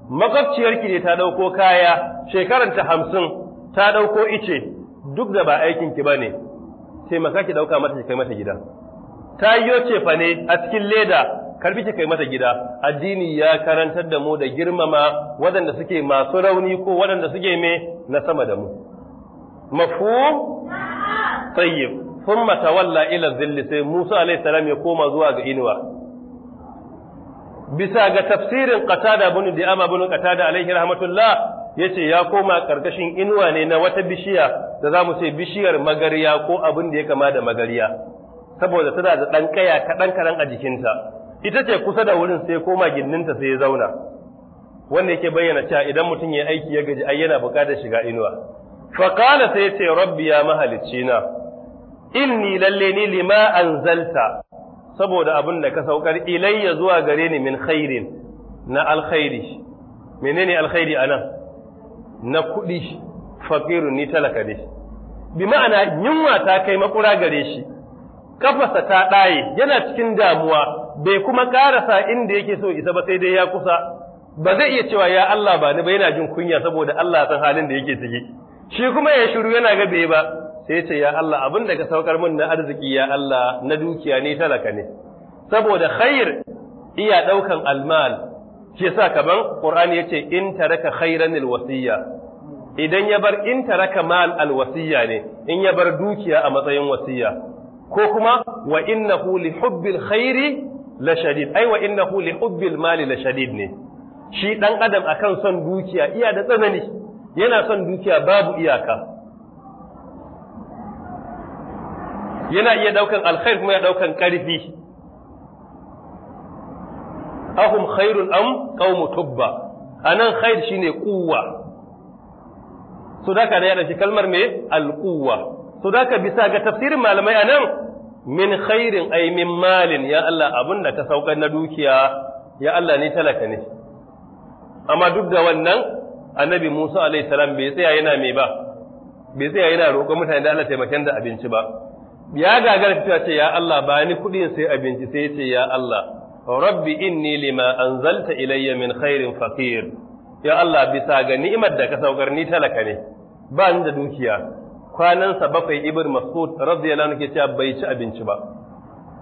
S1: makwabciyarki ne ta dauko kaya shekaran ta hamsin ta dauko ice duk da ba aikin ki bane sai maka ki dauka mata ki kai mata gida ta yiwo ce fa ne a cikin leda karfi ce kai mata gida addini ya karantar da mu da girmama waɗanda suke masu rauni ko waɗanda suke me na sama da mu Mafu, tayyib thumma tawalla ila zilli sai Musa alaihi salam ya koma zuwa ga inuwa bisa ga tafsirin Qatada ibn Di'ama ibn Qatada alaihi rahmatullah yace ya koma karkashin inuwa ne na wata bishiya da zamu ce bishiyar magariya ko abin da ya kama da magariya saboda tana da dan kaya kaɗan kaɗan a jikinta ita ce kusa da wurin sai koma ginninta sai ya zauna wanda yake bayyana cewa idan mutum ya aiki ya gaji ai yana buƙatar shiga inuwa fa sai ce rabbi ya mahalicci na inni lalle ni lima anzalta saboda abin da ka saukar ilayya zuwa gare ni min khairin na alkhairi menene alkhairi anan na kuɗi fakirun ni talaka ne bi ma'ana yunwa ta kai makura gare shi kafasa ta ɗaye yana cikin damuwa bai kuma karasa inda yake so isa ba sai dai ya kusa ba zai iya cewa ya Allah ba ni ba yana jin kunya saboda Allah san halin da yake ciki shi kuma ya shiru yana ga bai ba sai ce ya Allah abin da ka saukar min na arziki ya Allah na dukiya ne talaka ne saboda khair iya daukan almal shi yasa kaman Qur'ani yace in taraka khairan alwasiya idan ya bar in taraka mal alwasiya ne in ya bar dukiya a matsayin wasiya ko kuma wa innahu li hubbil khairi la shadid ai wa innahu li hubbil mali la shadid ne shi dan adam akan son dukiya iya da tsanani yana son dukiya babu iyaka yana iya daukan alkhair kuma ya daukan karfi ahum khairun am qaumu tubba anan khair shine kuwa. so da ka da shi kalmar me alquwwa so da ka bisa ga tafsirin malamai anan min khairin ay min malin ya Allah abin da ka saukar na dukiya ya Allah ni talaka ne amma duk da wannan annabi Musa alaihi salam bai tsaya yana me ba bai tsaya yana roƙon mutane da Allah taimaken da abinci ba ya gagara fita ce ya Allah ba ni kuɗi sai abinci sai ce ya Allah rabbi inni lima anzalta ilayya min khairin faqir ya Allah bisa ga ni'imar da ka saukar ni talaka ne ba ni da dukiya kwanansa bakwai ibn mas'ud radiyallahu anhu ke cewa bai ci abinci ba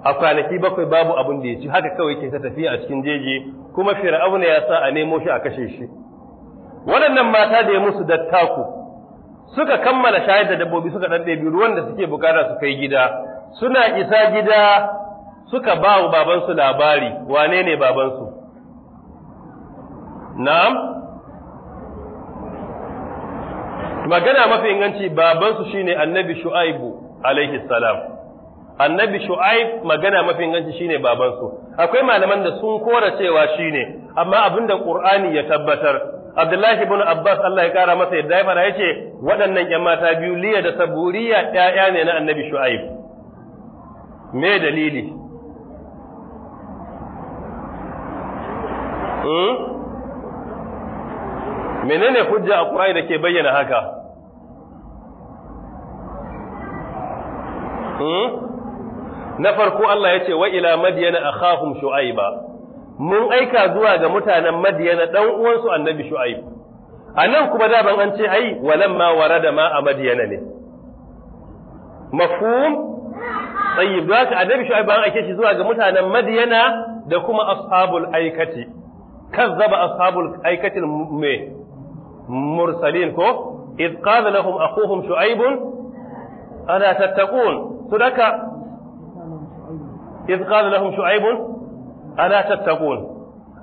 S1: a kwanaki bakwai babu abin da ya ci haka kawai ke ta tafiya a cikin jeji kuma fir'auna ya sa a nemo shi a kashe shi waɗannan mata da ya musu dattaku suka kammala shayar da dabbobi suka dan ɗebi ruwan da suke bukata su kai gida suna isa gida suka ba wa babansu labari wane ne babansu na'am magana mafi inganci babansu shine annabi shu'aibu alaihi salam annabi shu'aib magana mafi inganci shine babansu akwai malaman da sun kora cewa shine amma abinda qur'ani ya tabbatar abdullahi ibn abbas Allah ya kara masa yadda ya fara yace waɗannan yan mata biyu liya da saburiya ɗaya ne na annabi shu'aib me dalili hmm? menene hujja a Qur'ani da ke bayyana haka Hmm? na farko Allah ya ce wa ila madiyana akhahum shu'aiba mun aika zuwa ga mutanen madiyana dan uwansu annabi shu'aib anan kuma da ban an ce ai walamma warada ma a madiyana ne mafhum tayyib da haka annabi shu'aib an aike shi zuwa ga mutanen madiyana da kuma ashabul aikati kazzaba ashabul aikati me mursalin ko idh lahum akhuhum shu'aib ana tattaqun sadaka idh qala lahum shu'aib ala tattaqun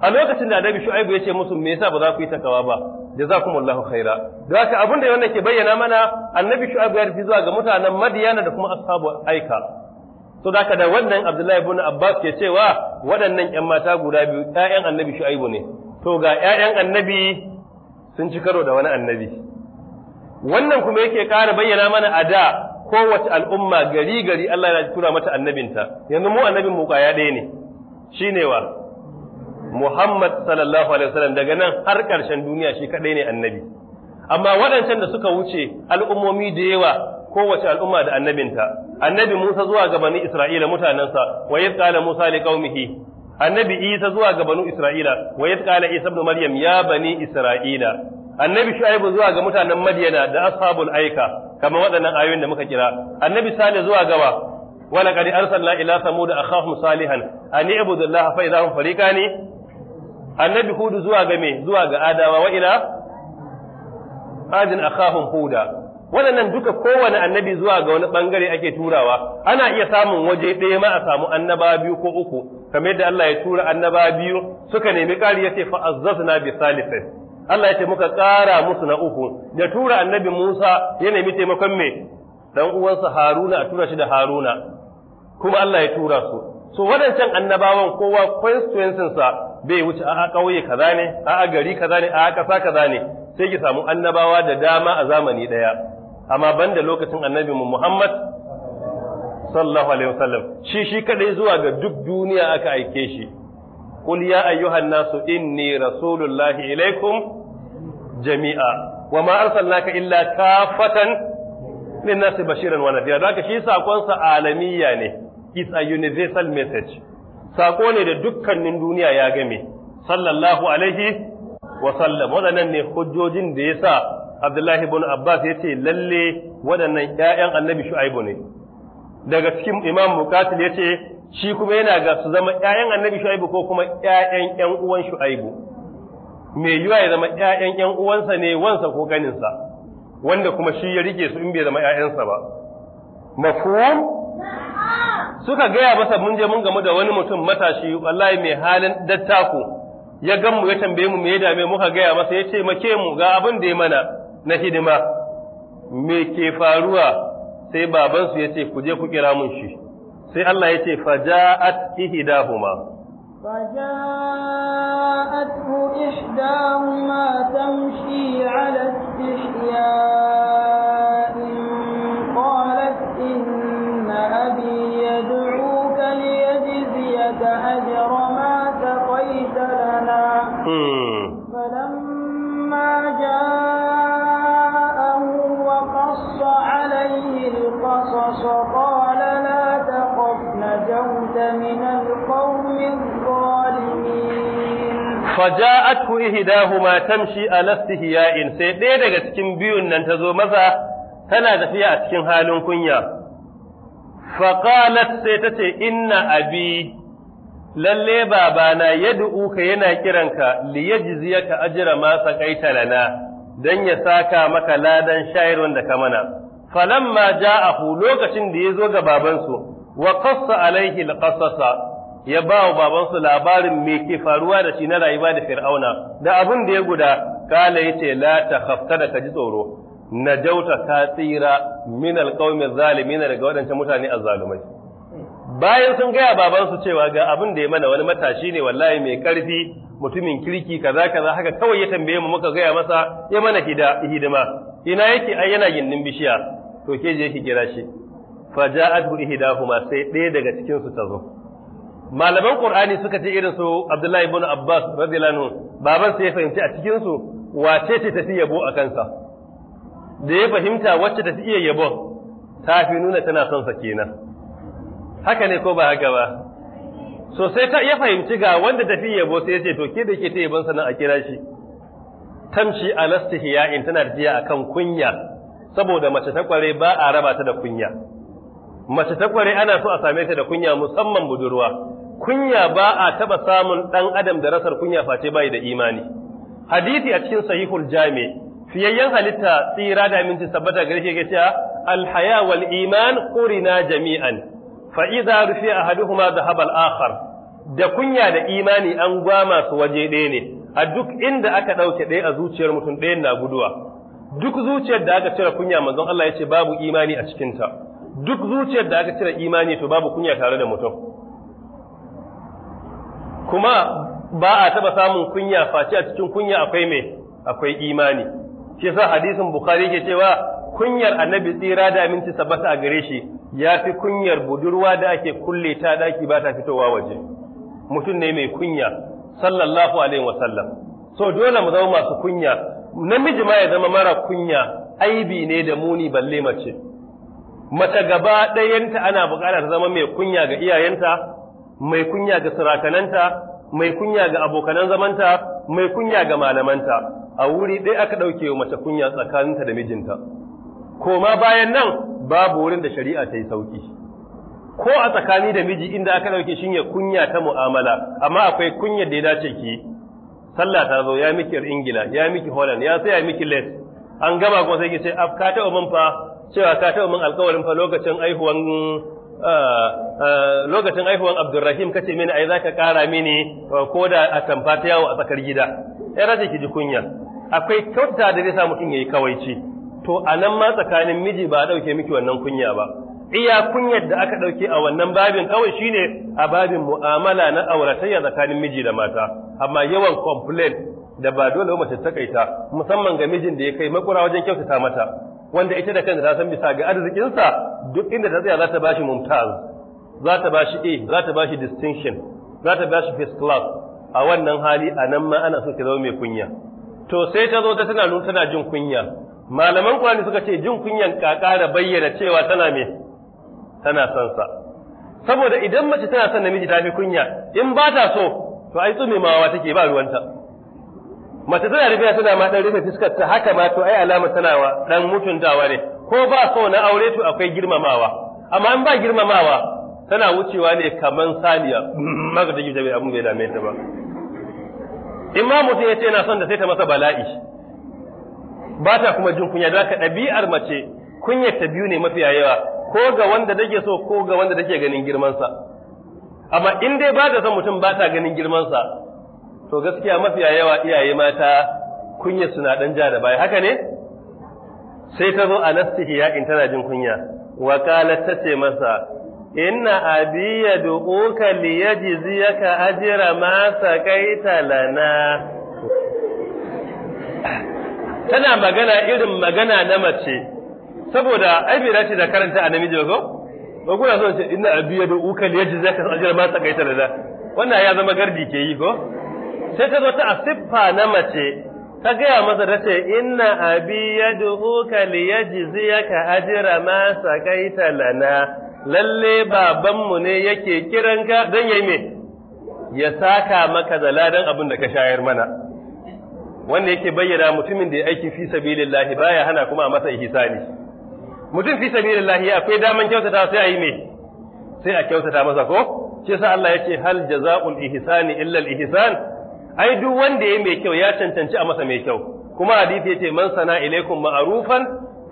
S1: a lokacin da annabi shu'aib ya ce musu me yasa ba za ku yi takawa ba jazakumullahu khaira da haka abin da wannan ke bayyana mana annabi shu'aib ya rufi zuwa ga mutanen madiyana da kuma ashabu aika to da da wannan abdullahi ibn abbas ke cewa waɗannan ƴan mata guda biyu ƴaƴan annabi shu'aibu ne to ga ƴaƴan annabi sun ci karo da wani annabi wannan kuma yake ƙara bayyana mana a da kowace al'umma gari gari Allah ya tura mata annabinta yanzu mu annabin mu kwaya ɗaya ne shine wa Muhammad sallallahu alaihi wasallam daga nan har ƙarshen duniya shi kaɗai ne annabi amma waɗancan da suka wuce al'ummomi da yawa kowace al'umma da annabinta annabi Musa zuwa ga bani Isra'ila mutanensa wa yadda Musa li qaumihi annabi Isa zuwa ga bani Isra'ila wa yadda Isa ibn Maryam ya bani Isra'ila annabi shu'aibu zuwa ga mutanen madiyana da ashabul aika kamar waɗannan ayoyin da muka kira annabi salih zuwa gawa wa laqad arsalna ila samud akhahum salihan an ibudu allah fa idahum fariqani annabi hud zuwa ga me zuwa ga adawa wa ila adin akhahum huda waɗannan duka kowane annabi zuwa ga wani bangare ake turawa ana iya samun waje ɗaya ma a samu annaba biyu ko uku kamar yadda Allah ya tura annaba biyu suka nemi ƙari ya ce fa azzazna bi salisin Allah ya ce muka ƙara musu na uku ya tura annabi Musa ya nemi taimakon me dan uwansa Haruna a tura shi da Haruna kuma Allah ya tura su so waɗancan annabawan kowa constituency sa bai wuce a ƙauye kaza ne a gari kaza ne a ƙasa kaza ne sai ki samu annabawa da dama a zamani daya amma banda lokacin annabi Muhammad sallallahu alaihi wasallam shi shi kadai zuwa ga duk duniya aka aike shi qul ya ayyuhan nasu inni rasulullahi ilaikum jami'a wa ma arsalnaka illa kafatan linnasi bashiran wa nadira haka shi sakon sa alamiya ne is a universal message sako ne da dukkanin duniya ya game sallallahu alaihi wa sallam wadannan ne hujjojin da yasa Abdullahi ibn Abbas yace lalle wadannan ƴaƴan Annabi Shu'aibu ne daga cikin Imam Muqatil yace shi kuma yana ga su zama ƴaƴan Annabi Shu'aibu ko kuma ƴaƴan ƴan uwan Shu'aibu mai yiwa ya zama 'ya'yan 'yan uwansa ne wansa ko ganinsa wanda kuma shi ya rike su in bai zama 'ya'yansa ba Mafuwan? suka gaya masa mun je mun gamu da wani mutum matashi wallahi mai halin dattako ya ganmu ya tambaye mu me ya dame muka gaya masa ya ce make mu ga abin da ya mana na hidima me ke faruwa sai babansu ya ce ku je ku kira mun shi sai Allah ya ce faja'at
S2: فجاءته إحداهما تمشي على استحياء قالت إن أبي
S1: faja'athu ihdahuma tamshi ala istihya'in sai ɗaya daga cikin biyun nan ta zo masa tana tafiya a cikin halin kunya faqalat sai ta ce inna abi lalle babana yad'uka yana kiranka ka ajra ma saqaita lana dan ya saka maka ladan shayarwan da ka mana falamma ja'ahu lokacin da yazo ga babansu wa qassa alaihi alqasasa ya ba wa babansu labarin me ke faruwa da shi na rayuwa da fir'auna da abin da ya guda kala yace la ta hafta da ka ji tsoro Na jauta ka tsira min alqaumi na daga waɗancan mutane a zalumai. bayan sun gaya babansu cewa ga abin da ya mana wani matashi ne wallahi mai karfi mutumin kirki kaza kaza haka kawai ya tambaye mu muka gaya masa ya mana hidima ina yake ai yana gindin bishiya to ke je ki kira shi bi ihdahuma sai ɗaya daga cikin su ta zo malaman Qur'ani suka ce irin su Abdullahi ibn Abbas radiyallahu anhu baban sai ya fahimci a cikin su wace ce ta yabo a kansa da ya fahimta wacce tafi iya yabon ta fi nuna tana son sa kenan haka ne ko ba haka ba so sai ta ya fahimci ga wanda ta fi yabo sai ya ce to ke da ke ta yabon sanan a kira shi tamshi alastihiya'in tana tafiya akan kunya saboda mace ta kware ba a raba ta da kunya mace ta kware ana so a same ta da kunya musamman budurwa kunya ba a taba samun ɗan adam da rasar kunya face bai da imani hadisi a cikin sahihul jami fiyayyen halitta tsira da minti sabbata gare shi gaciya alhaya wal iman qurina jami'an fa idza rufi ahaduhuma dhahaba al-akhar da kunya da imani an gwama su waje ɗaya ne a duk inda aka ɗauke ɗaya a zuciyar mutum ɗaya na guduwa duk zuciyar da aka cire kunya manzon Allah ya ce babu imani a cikinta duk zuciyar da aka cire imani to babu kunya tare da mutum kuma ba a taba samun kunya face a cikin kunya akwai mai? akwai imani shi yasa hadisin bukhari ke cewa kunyar annabi tsira da aminci sabata a gare shi ya fi kunyar budurwa da ake kulle ta daki ba ta fitowa waje mutum ne mai kunya sallallahu alaihi wasallam so dole mu zama masu kunya namiji ma ya zama mara kunya aibi ne da muni balle mace mace gaba ɗayanta ana ta zama mai kunya ga iyayenta mai kunya ga sarakananta mai kunya ga abokanan zamanta mai kunya ga malamanta a wuri ɗaya aka ɗauke wa mace kunya tsakaninta da mijinta koma bayan nan babu wurin da shari'a ta yi sauki ko a tsakani da miji inda aka ɗauke shi ne kunya ta mu'amala amma akwai kunya da ya dace ki sallah ta zo ya miki ingila ya miki holland ya saya miki les an gama kuma sai ki ce ka taɓa fa cewa ka taɓa min alkawarin fa lokacin aihuwan Ah, ah, lokacin aihuwan Abdurrahim kace mini ai zaka kara mini ah, ko da a tamfa ta yawo a tsakar gida sai eh, rashi ki ji kunya akwai kyauta da zai sa mutum yayi kawaici to anan ma tsakanin miji ba dauke miki wannan kunya ba iya kunyar da aka dauke a wannan babin kawai shine a babin mu'amala na auratayya tsakanin miji da mata amma yawan complaint da ba dole mace ta kaita musamman ga mijin da ya kai makura wajen kyautata mata wanda ita da kanta ta san bisa ga arzikinsa duk inda ta tsaya za ta bashi mumtaz za ta bashi A za ta bashi distinction za ta bashi first class a wannan hali a nan ma ana so ki zama mai kunya to sai ta zo ta tana nuna tana jin kunya malaman kwani suka ce jin kunyan kaka da bayyana cewa tana me tana son sa saboda idan mace tana son namiji ta fi kunya in ba ta so to ai tsumewa take ba ruwanta mace tana rufe tana ma dan rufe fuskar ta haka ma to ai alama tana wa dan mutuntawa ne ko ba so na aure to akwai girmamawa amma in ba girmamawa tana wucewa ne kaman saniya maka mm, take jabe abun bai dame ta ba in ma mutum ya ce yana son da sai ta masa bala'i ba ta kuma jin kunya da ka ɗabi'ar mace kunyar ta biyu ne mafi yawa ko ga wanda take so ko ga wanda take ganin girmansa amma in dai ba ta son mutum ba ta ganin girmansa to gaskiya mafiya yawa iyaye mata kunya suna dan ja da baya haka ne sai ta zo a ya in tana jin kunya wa kala ta ce masa inna abi yad'uka liyajziyaka ajra ma saqaita lana tana magana irin magana na mace saboda aibira ce da karanta a namiji ko ko kuna so ce inna abi yad'uka liyajziyaka ajra ma saqaita lana wannan ya zama gardi ke yi ko sai ta zo ta siffa na mace ta gaya masa ta ce inna abi yad'uka liyajziyaka masa ma saqaita lana lalle babanmu ne yake kiran ka dan yayi me ya saka maka zala don abin da ka shayar mana wanda yake bayyana mutumin da ya aiki fi sabilillahi baya hana kuma a masa ne. mutum fi sabilillahi akwai daman kyautata sai a yi me sai a kyautata masa ko shi allah Allah ce hal jaza'ul ihsani illa al ihsan ai duk wanda ya mai kyau ya cancanci a masa mai kyau kuma hadisi yace man sana ilaikum ma'rufan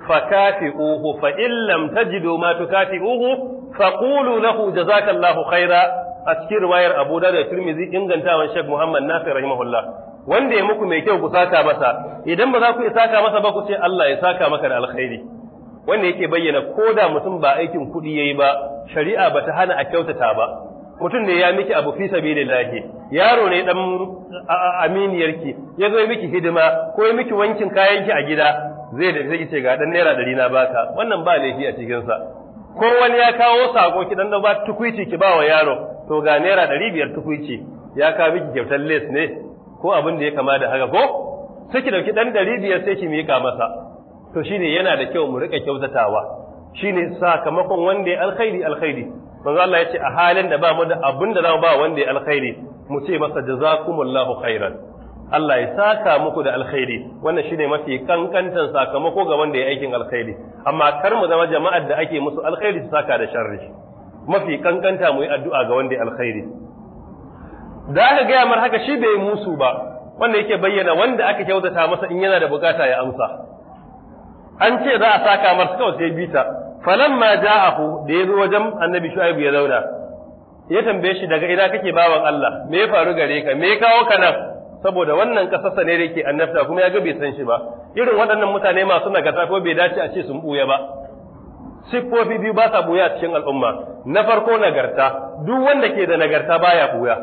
S1: fakafi'uhu fa in lam tajidu ma tukafi'uhu faqulu lahu jazakallahu khaira a cikin riwayar Abu Dawud da Tirmidhi ingantawan Sheikh Muhammad Nasir rahimahullah wanda ya muku mai kyau ku saka masa idan ba za ku saka masa ba ku ce Allah ya saka maka da alkhairi wanda yake bayyana ko da mutum ba aikin kuɗi yayi ba shari'a ba ta hana a kyautata ba mutum ne ya miki abu fi sabilillahi yaro ne dan aminiyarki ya zo miki hidima ko ya miki wankin kayanki a gida zai da zai ce ga dan naira ɗari na baka wannan ba laifi a cikin sa ko wani ya kawo sako ki dan ba tukuici ki ba wa yaro to ga naira dari biyar tukuici ya kawo miki kyautar les ne ko abin da ya kama da haka ko sai ki dauki dan ɗari biyar sai ki mika masa to shine yana da kyau mu rika kyautatawa shine sakamakon wanda ya alkhairi alkhairi manzo Allah ya ce a halin da ba mu da abin da za mu ba wanda ya alkhairi mu ce masa jazakumullahu khairan Allah ya saka muku da alkhairi wannan shine mafi kankantan sakamako ga wanda ya aikin alkhairi amma kar mu zama jama'ar da ake musu alkhairi su saka da sharri mafi kankanta mu yi addu'a ga wanda ya alkhairi da aka gaya mar haka shi bai musu ba wanda yake bayyana wanda aka kyautata masa in yana da bukata ya amsa an ce za a saka mar kawai sai bita falamma ja'ahu da ya zo wajen annabi shu'aibu ya zauna ya tambaye shi daga ina kake bawan Allah me ya faru gare ka me ya kawo ka nan saboda wannan kasasa ne da ke annabta kuma ya ga bai san shi ba irin waɗannan mutane masu nagarta ko bai dace a ce sun buya ba siffofi biyu ba sa buya a cikin al'umma na farko nagarta duk wanda ke da nagarta baya buya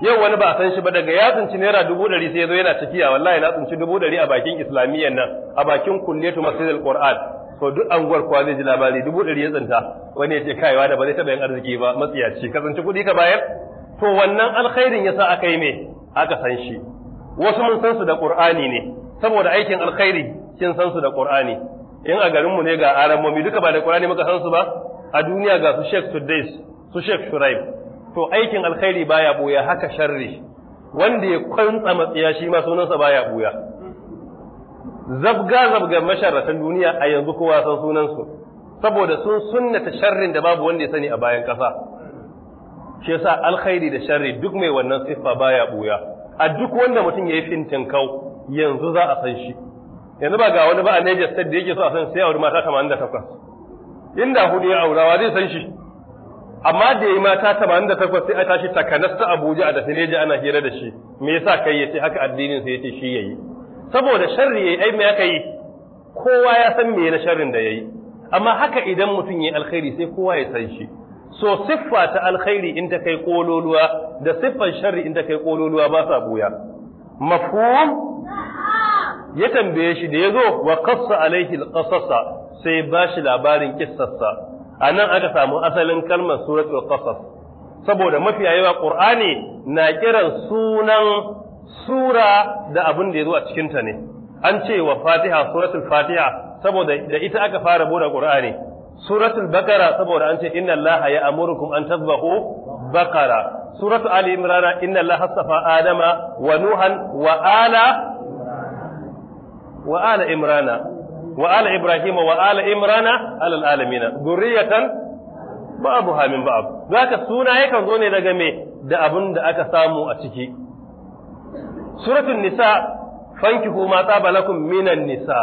S1: yau wani ba a san shi ba daga ya tsinci naira dubu ɗari sai ya zo yana cikiya wallahi na tsinci dubu ɗari a bakin islamiyyan nan a bakin kulletu masjidil qur'an ko duk anguwar kwa zai ji labari dubu ɗari ya tsinta wani ya ce kayawa da ba zai taɓa yin arziki ba matsiyaci ka tsinci kuɗi ka bayar to wannan alkhairin sa aka yi me aka san shi wasu mun san su da ƙur'ani ne saboda aikin alkhairi kin san su da ƙur'ani in a garin mu ne ga aramomi duka ba da ƙur'ani muka san su ba a duniya ga su Sheikh Sudais su Sheikh Shuraib to aikin alkhairi baya boya haka sharri wanda ya kwantsa matsiya shi ma sunansa baya boya zabga zabga masharatan duniya a yanzu kowa san sunansu saboda sun sunnata sharrin da babu wanda ya sani a bayan ƙasa shi yasa alkhairi da sharri duk mai wannan siffa baya buya a duk wanda mutum yayi fintin kau yanzu za a san shi yanzu ba ga wani ba a Niger State da yake so a san sai aure mata 88 inda hudu ya aurawa zai san shi amma da yayi mata 88 sai a tashi takanasta Abuja a da Niger ana hira da shi me yasa kai yace haka addinin sai yace shi yayi saboda sharri yayi ai me aka yi kowa ya san me na sharrin da yayi amma haka idan mutum yayi alkhairi sai kowa ya san shi so siffa ta alkhairi in ta kai kololuwa da siffar sharri in ta kai kololuwa ba sa buya mafhum ya tambaye shi da yazo wa qassa alaihi alqasasa sai ba shi labarin kissarsa anan aka samu asalin kalmar suratul qasas saboda mafiya yawa qur'ani na kiran sunan sura da abin da ya zo a cikinta ne an ce wa fatiha suratul fatiha saboda da ita aka fara bude qur'ani suratul bakara saboda an ce inna allaha ya'murukum an tadhbahu bakara suratul ali imran inna allaha safa adama wa nuhan wa ala wa ala imrana wa ala ibrahima wa ala imrana alal alamina dhurriyatan ba'abuha min ba'ab zaka suna yakan zo ne daga me da abun da aka samu a ciki suratul nisa fanki ma tsaba lakum minan nisa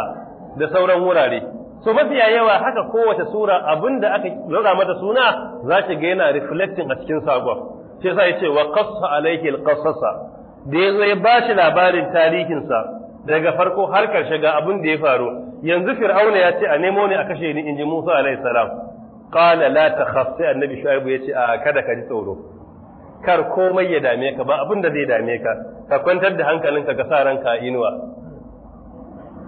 S1: da sauran wurare so mafiya yawa haka kowace sura da aka dora mata suna za ta ga yana reflecting a cikin sagon sai sai ce wa qassa alaihi alqasasa da ya shi labarin tarihinsa, daga farko har karshe ga abin da ya faru yanzu fir'auna ya ce a nemo ne a kashe ni inji Musa alaihi salam qala la takhaf sai annabi shu'aibu yace a kada ka ji tsoro kar komai ya dame ka ba abin da zai dame ka ka kwantar da hankalinka ka sa ranka inuwa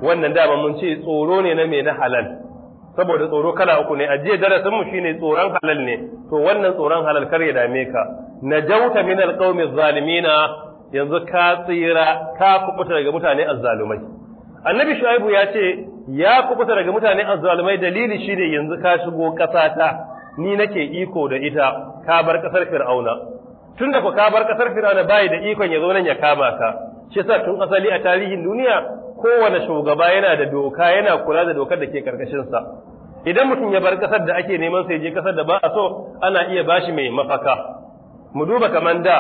S1: wannan dama mun ce tsoro ne na me na halal saboda tsoro kala uku ne ajiye darasin mu shine tsoron halal ne to wannan tsoron halal kar ya dame ka najauta min alqaumi zalimina yanzu ka tsira ka kubuta daga mutane azzalumai annabi shuaibu ya ce ya kubuta daga mutane azzalumai dalili shine yanzu ka shigo kasata ni nake iko da ita ka bar kasar fir'auna tun da ku ka bar kasar firana bai da ikon ya zo nan ya kama ka shi sa tun asali a tarihin duniya kowane shugaba yana da doka yana kula da dokar da ke karkashin sa idan mutum ya bar kasar da ake neman sai je kasar da ba a so ana iya bashi mai mafaka mu duba kaman da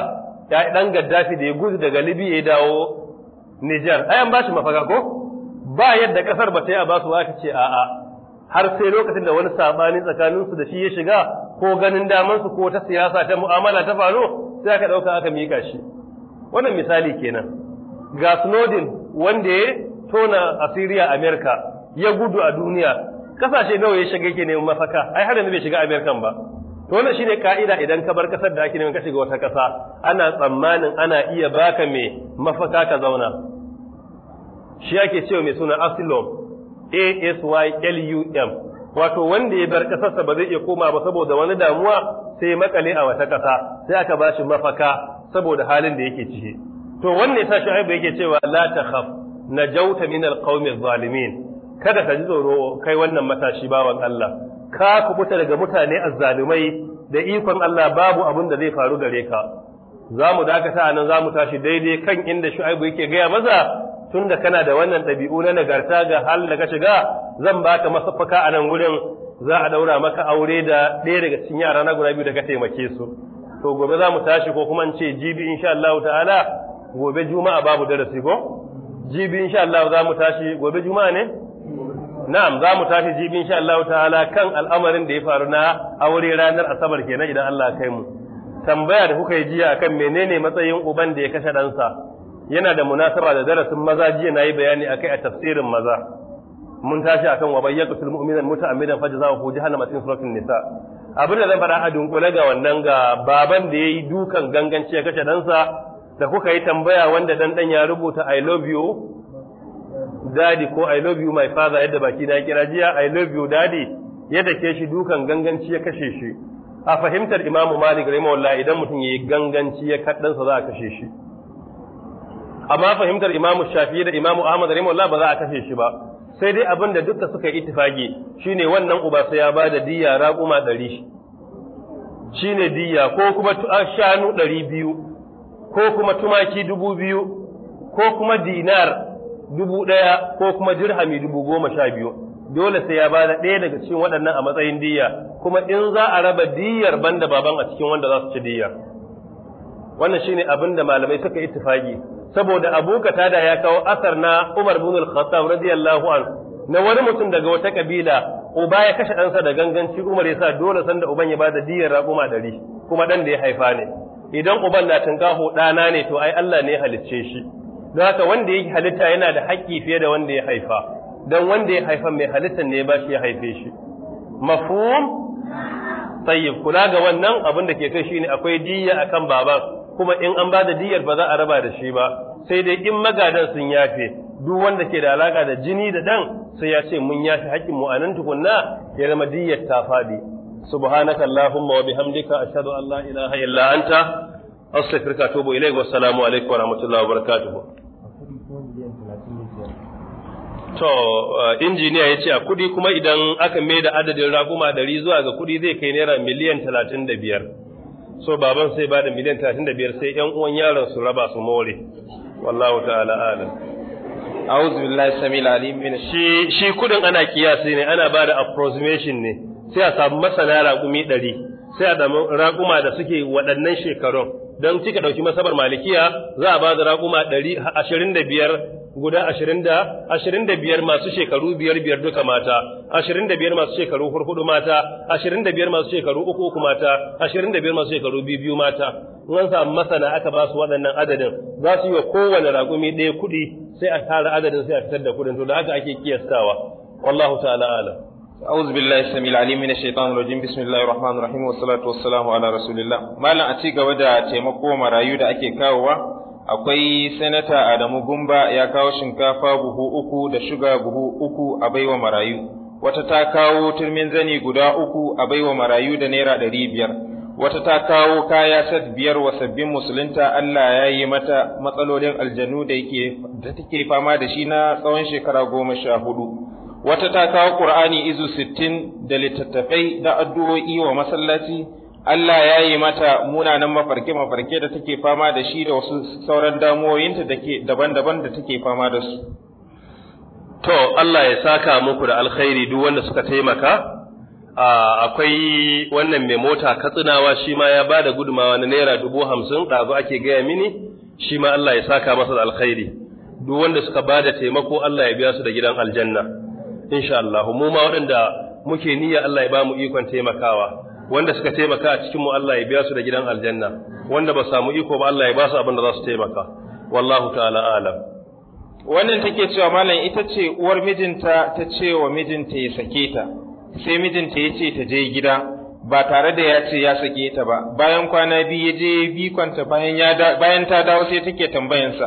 S1: ya dan gaddafi da ya gudu daga libya ya dawo Nijar, ai an bashi mafaka ko? Ba yadda kasar ba ta yi a basu aka ce a'a. Har sai lokacin da wani sabani tsakaninsu da shi ya shiga ko ganin damar su ko ta siyasa ta mu'amala ta faru sai aka ɗauka aka mika shi wannan misali kenan ga Snowden wanda ya tona Asiriya Amerika ya gudu a duniya kasashe nawa ya shiga yake neman mafaka ai har yanzu bai shiga Amerikan ba to wannan shine ka'ida idan ka bar kasar da ake neman ka shiga wata kasa ana tsammanin ana iya baka me mafaka ka zauna shi ake cewa mai suna asylum A S Y L U M wato wanda ya bar ƙasarsa ba zai iya koma ba saboda wani damuwa sai makale a wata kasa sai aka bashi mafaka saboda halin da yake ciki to wanne sa shu'aib yake cewa la khaf najauta min alqawmi zalimin kada ka ji tsoro kai wannan matashi bawan Allah ka kubuta daga mutane azzalumai da ikon Allah babu abin da zai faru gare ka za mu dakata a nan za mu tashi daidai kan inda shu'aibu yake gaya maza tunda kana da wannan ɗabi'u na nagarta ga hal da ka shiga zan baka masafaka a nan wurin za a daura maka aure da ɗaya daga cikin yara na guda biyu da ka taimake su to gobe za mu tashi ko kuma ce jibi insha Allah ta'ala gobe juma'a babu darasi ko jibi insha Allah za mu tashi gobe juma'a ne na'am za mu tashi jibi insha Allah ta'ala kan al'amarin da ya faru na aure ranar asabar kenan idan Allah kai mu tambaya da kuka yi jiya akan menene matsayin uban da ya kashe ɗansa yana da munasaba da darasin maza jiya na yi bayani akai a tafsirin maza mun tashi a kan akan wa bayyaka sul mu'minan muta'ammidan fajzahu jahannama cikin suratul nisa abin da zan fara a dunkule ga wannan ga baban da ya yi dukan ganganci ya kashe ɗansa, da kuka yi tambaya wanda ɗanɗan ya rubuta i love you daddy ko i love you my father yadda baki na kira jiya i love you daddy ya dake shi dukan ganganci ya kashe shi a fahimtar imamu malik rahimahullah idan mutum ya yi ganganci ya kaddansa za a kashe shi amma fahimtar imamu shafi da imamu ahmad rahimahullah ba za a kashe shi ba sai dai abin da duka suka shi shine wannan uba sai ya ba da diya raƙuma ɗari shi, ne diya ko kuma shanu ɗari biyu ko kuma tumaki dubu biyu ko kuma dinar dubu ɗaya ko kuma dirhami dubu goma sha biyu dole sai ya ba da ɗaya daga cikin waɗannan a matsayin diya kuma in za a raba diyar banda baban a cikin wanda za su ci diyar wannan shine abin da malamai suka ittifaki saboda Abu Qatada ya kawo asar na Umar ibn al-Khattab radiyallahu anhu na wani mutum daga wata kabila uba ya kashe ɗansa da ganganci Umar ya sa dole sanda uban ya bada diyar raƙuma ɗari kuma ɗan da ya haifa ne idan uban na tunkaho ɗana ne to ai Allah ne ya halicce shi don haka wanda ya halitta yana da haƙƙi fiye da wanda ya haifa don wanda ya haifa mai halittar ne ba shi ya haife shi mafhum tayyib kula ga wannan abin da ke kai shine akwai diyya akan baban kuma in an ba da diyar ba za a raba da shi ba sai dai in magadan sun yafe duk wanda ke da alaka da jini da dan sai ya ce mun yafe haƙƙin mu anan tukunna ya zama diyar ta faɗi subhanaka allahumma wa bihamdika ashhadu an la ilaha illa anta astaghfiruka wa atubu ilaik wa assalamu alaikum wa rahmatullahi wa barakatuh to uh, injiniya ya ce a kudi kuma idan aka mai da adadin raguma ɗari zuwa ga kudi zai kai naira miliyan talatin da biyar so baban sai bada miliyan 35 sai ƴan uwan yaron su raba su more wallahu ta'ala alam a'udhu billahi samil alim min shi shi kudin ana kiyasi ne ana bada approximation ne sai a samu masana raƙumi 100 sai a samu raƙuma da suke waɗannan shekarun don cika ɗauki masabar malikiya za a ba da raƙuma 125 guda ashirin da ashirin da biyar masu shekaru biyar biyar duka mata ashirin da biyar masu shekaru hurhudu mata ashirin da biyar masu shekaru uku uku mata ashirin da biyar masu shekaru biyu biyu mata in samu masana aka ba su waɗannan adadin za su yi wa kowane raƙumi ɗaya kuɗi sai a tara adadin sai a fitar da kuɗin to da haka ake kiyastawa wallahu ta'ala
S3: alam أعوذ بالله السميع العليم من الشيطان الرجيم بسم الله الرحمن الرحيم والصلاة والسلام على رسول الله لا أتيك ودا تيمكو مرايو دا أكي كاوا akwai sanata Adamu Gumba ya kawo shinkafa buhu uku da shuga buhu uku a baiwa marayu wata ta kawo turmin zani guda uku a baiwa marayu da naira ɗari biyar wata ta kawo kaya sat biyar wa sabbin musulunta Allah ya yi mata matsalolin aljanu da yake da take fama da shi na tsawon shekara goma sha hudu wata ta kawo Qur'ani izu sittin da littattafai da addu'o'i wa masallaci Allah ya yi mata munanan mafarke mafarke da take fama da shi da wasu sauran damuwoyinta da ke daban-daban da take fama da su. To Allah ya
S1: saka muku da alkhairi duk wanda suka taimaka akwai wannan mai mota katsinawa shi ma ya da gudumawa na naira dubu hamsin ɗazu ake gaya mini shi ma Allah ya saka masa da alkhairi duk wanda suka ba da taimako Allah ya biya su da gidan aljanna insha Allah mu ma waɗanda muke niyya Allah ya ba mu ikon taimakawa wanda suka taimaka a cikin mu Allah ya biya su da gidan aljanna wanda ba samu iko ba Allah ya ba su abin da za su taimaka wallahu ta'ala
S3: alam wannan take cewa malam ita ce uwar mijinta ta ce wa mijinta ya sake ta sai mijinta ya ce ta je gida ba tare da ya ce ya sake ta ba bayan kwana biyu ya je bikonta bayan ya bayan ta dawo sai take tambayansa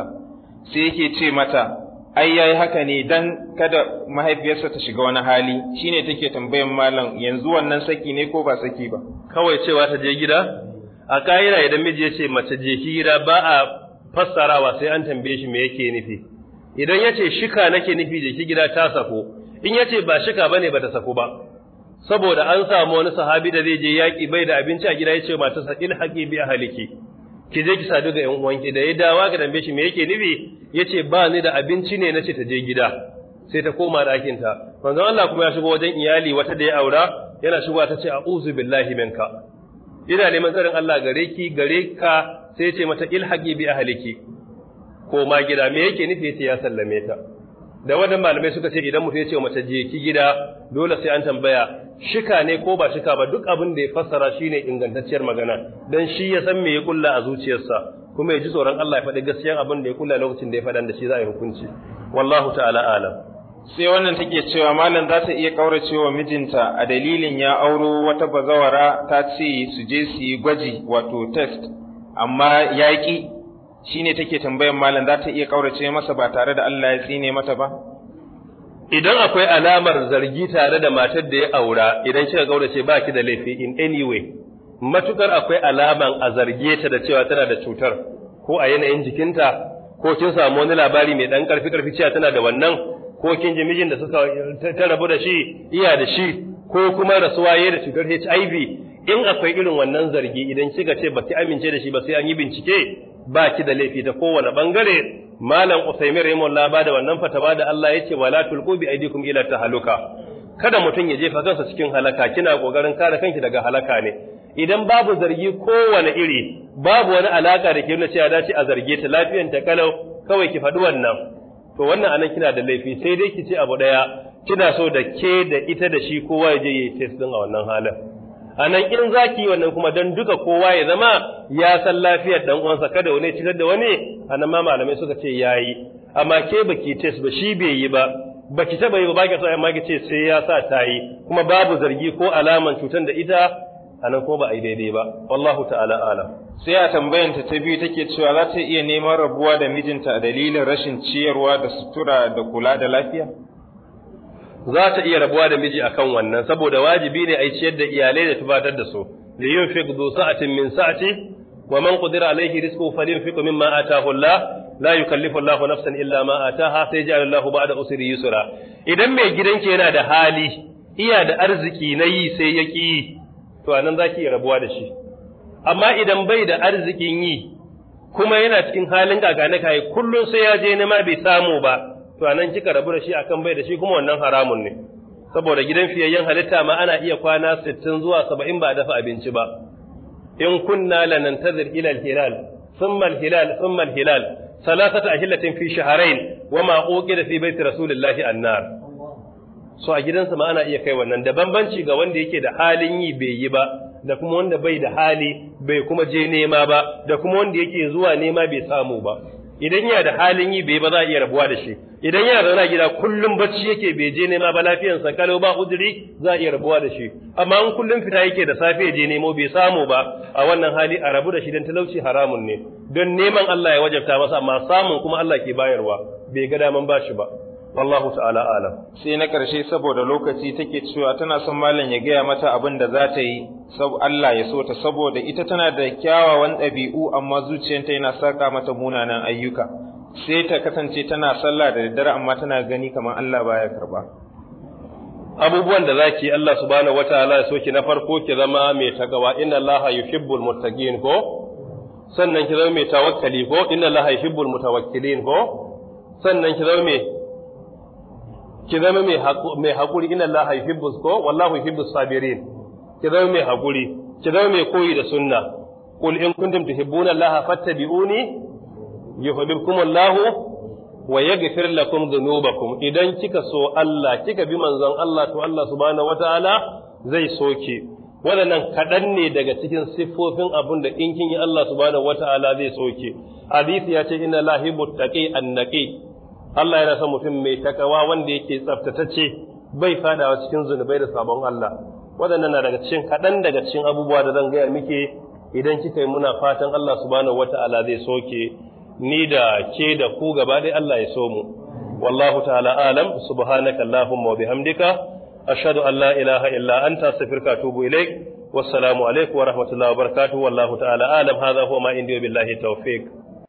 S3: sai yake ce mata ai yayi haka ne dan kada mahaifiyarsa ta shiga wani hali shine take tambayan malam yanzu wannan saki ne ko ba saki ba kawai cewa ta je gida
S1: a ka'ira idan miji ya ce mace je gida ba a fassarawa sai an tambaye shi me yake nufi idan ya ce shika nake nufi je ki gida ta sako in ya ce ba shika bane ba ta sako ba saboda an samu wani sahabi da zai je yaƙi bai da abinci a gida ya ce matarsa haƙi bi ahliki ki je ki sadu yan ƴan ki, da ya dawa ka tambaye shi me yake nufi yace ba ni da abinci ne nace ta je gida sai ta koma ɗakin ta manzon Allah kuma ya shigo wajen iyali wata da ya aura yana shigowa ta ce a'udhu billahi minka ina neman tsarin Allah gare ki gare ka sai ce mata ilhaqi bi ahliki koma gida me yake nufi yace ya sallame ta da wannan malamai suka ce idan mutum ya ce mace je ki gida dole sai an tambaya shika ne ko ba shika ba duk abin da ya fassara shine ingantacciyar magana dan shi ya san me ya kulla a zuciyarsa kuma ya ji tsoron Allah ya faɗi gaskiyar abin da ya kulla lokacin da ya faɗa
S3: da shi za a yi hukunci wallahu ta'ala alam sai wannan take cewa malam za ta iya kaurace mijinta a dalilin ya auro wata bazawara ta ce su je su yi gwaji wato test amma yaƙi Shi ne take tambayan malam za ta iya kaurace masa ba tare da Allah ya tsine mata ba idan akwai alamar zargi tare da matar da ya aura idan kika kaurace ba ki da laifi in any way matukar akwai
S1: alaman a zarge ta da cewa tana da cutar ko a yanayin jikinta ko kin samu wani labari mai dan karfi karfi cewa tana da wannan ko kin ji mijin da suka ta rabu da shi iya da shi ko kuma rasuwa yayin da cutar HIV in akwai irin wannan zargi idan kika ce ba ki amince da shi ba sai an yi bincike ba ki da laifi ta kowane bangare malam Usaimin rahimahullah ba da wannan fatawa da Allah yace wala tulqu bi aidikum ila tahaluka kada mutum ya jefa kansa cikin halaka kina kokarin kare kanki daga halaka ne idan babu zargi kowane iri babu wani alaka da ke nuna cewa dace a zarge ta lafiyan ta kalau kawai ki faɗi wannan to wannan anan kina da laifi sai dai ki ce abu daya kina so da ke da ita da shi kowa ya je yi test din a wannan halin Anan nan in za ki yi wannan kuma don duka kowa ya zama ya san lafiyar dan uwansa kada wani cutar da wani a nan ma malamai suka ce ya yi amma ke baki test ba shi bai yi ba baki taba yi ba baki so amma ce sai ya sa ta yi kuma babu zargi ko alaman cutar da ita a ko ba a yi daidai ba wallahu ta'ala alam
S3: sai a ta ta biyu take cewa za ta iya neman rabuwa da mijinta a dalilin rashin ciyarwa da sutura da kula da lafiya za ta iya rabuwa da
S1: miji akan wannan saboda wajibi ne a ciyar da iyalai da tubatar da su Da yin yunfiq du sa'atin min sa'ati wa man qadira alayhi rizquhu falyunfiq mimma ataahu Allah la yukallifu Allah nafsan illa ma ataaha sayaj'alu Allahu ba'da usri yusra idan mai gidan gidanki yana da hali iya da arziki na yi sai ya ki to anan zaki iya rabuwa da shi amma idan bai da arzikin yi kuma yana cikin halin gagane kai kullun sai ya je nema bai samu ba to anan kika rabu da shi akan bai da shi kuma wannan haramun ne saboda gidan fiyayyen halitta ma ana iya kwana 60 zuwa 70 ba a dafa abinci ba in kunna lanantazir ila al-hilal thumma al-hilal thumma al-hilal ahillatin fi shahrayn wama uqida fi baiti rasulillahi annar so a gidansa ma ana iya kai wannan da bambanci ga wanda yake da halin yi bai yi ba da kuma wanda bai da hali bai kuma je nema ba da kuma wanda yake zuwa nema bai samu ba idan yana da halin yi bai ba za a iya rabuwa da shi idan yana zauna gida kullum bacci yake bai je nema ba sa kalau ba udiri za a iya rabuwa da shi amma in kullum fita yake da safe je nemo bai samu ba a wannan hali a rabu da shi dan talauci haramun ne don neman Allah ya wajabta masa amma samun kuma Allah ke
S3: bayarwa bai ga daman ba shi ba wallahu ta'ala alam sai na karshe saboda lokaci take cewa tana son malam ya gaya mata abin da za ta yi sab Allah ya so ta saboda ita tana da kyawawan ɗabi'u amma zuciyarta yana saka mata munanan ayyuka sai ta kasance tana sallah da daddare amma tana gani kamar Allah baya karba abubuwan
S1: da zaki Allah subhanahu wataala ya soki na farko ki zama mai tagawa inna Allah yuhibbul muttaqin ko sannan ki zama mai tawakkali ko inna Allah yuhibbul mutawakkilin ko sannan ki zama mai ki zama mai haƙuri inna Allah yuhibbus ko wallahu yuhibbus sabirin ki zama mai haƙuri ki zama mai koyi da sunna qul in kuntum tuhibbuna Allah fattabi'uni yuhibbukum Allah wa yaghfir lakum dhunubakum idan kika so Allah kika bi manzon Allah to Allah subhanahu wataala zai soke waɗannan kaɗan ne daga cikin siffofin abin da in kin yi Allah subhanahu wataala zai soke hadisi ya ce inna lahi muttaqi annaqi Allah yana son mutum mai takawa wanda yake tsaftatacce bai fadawa cikin zunubai da sabon Allah waɗannan na daga cikin kaɗan daga cikin abubuwa da zan gaya muke idan kika yi muna fatan Allah subhanahu wata'ala zai soke ni da ke da ku gaba dai Allah ya so mu wallahu ta'ala alam subhanaka allahumma wa bihamdika ashhadu an la ilaha illa anta astaghfiruka tubu atubu ilaik wassalamu alaikum wa rahmatullahi wa barakatuh wallahu ta'ala alam hadha huwa ma indiyo billahi tawfiq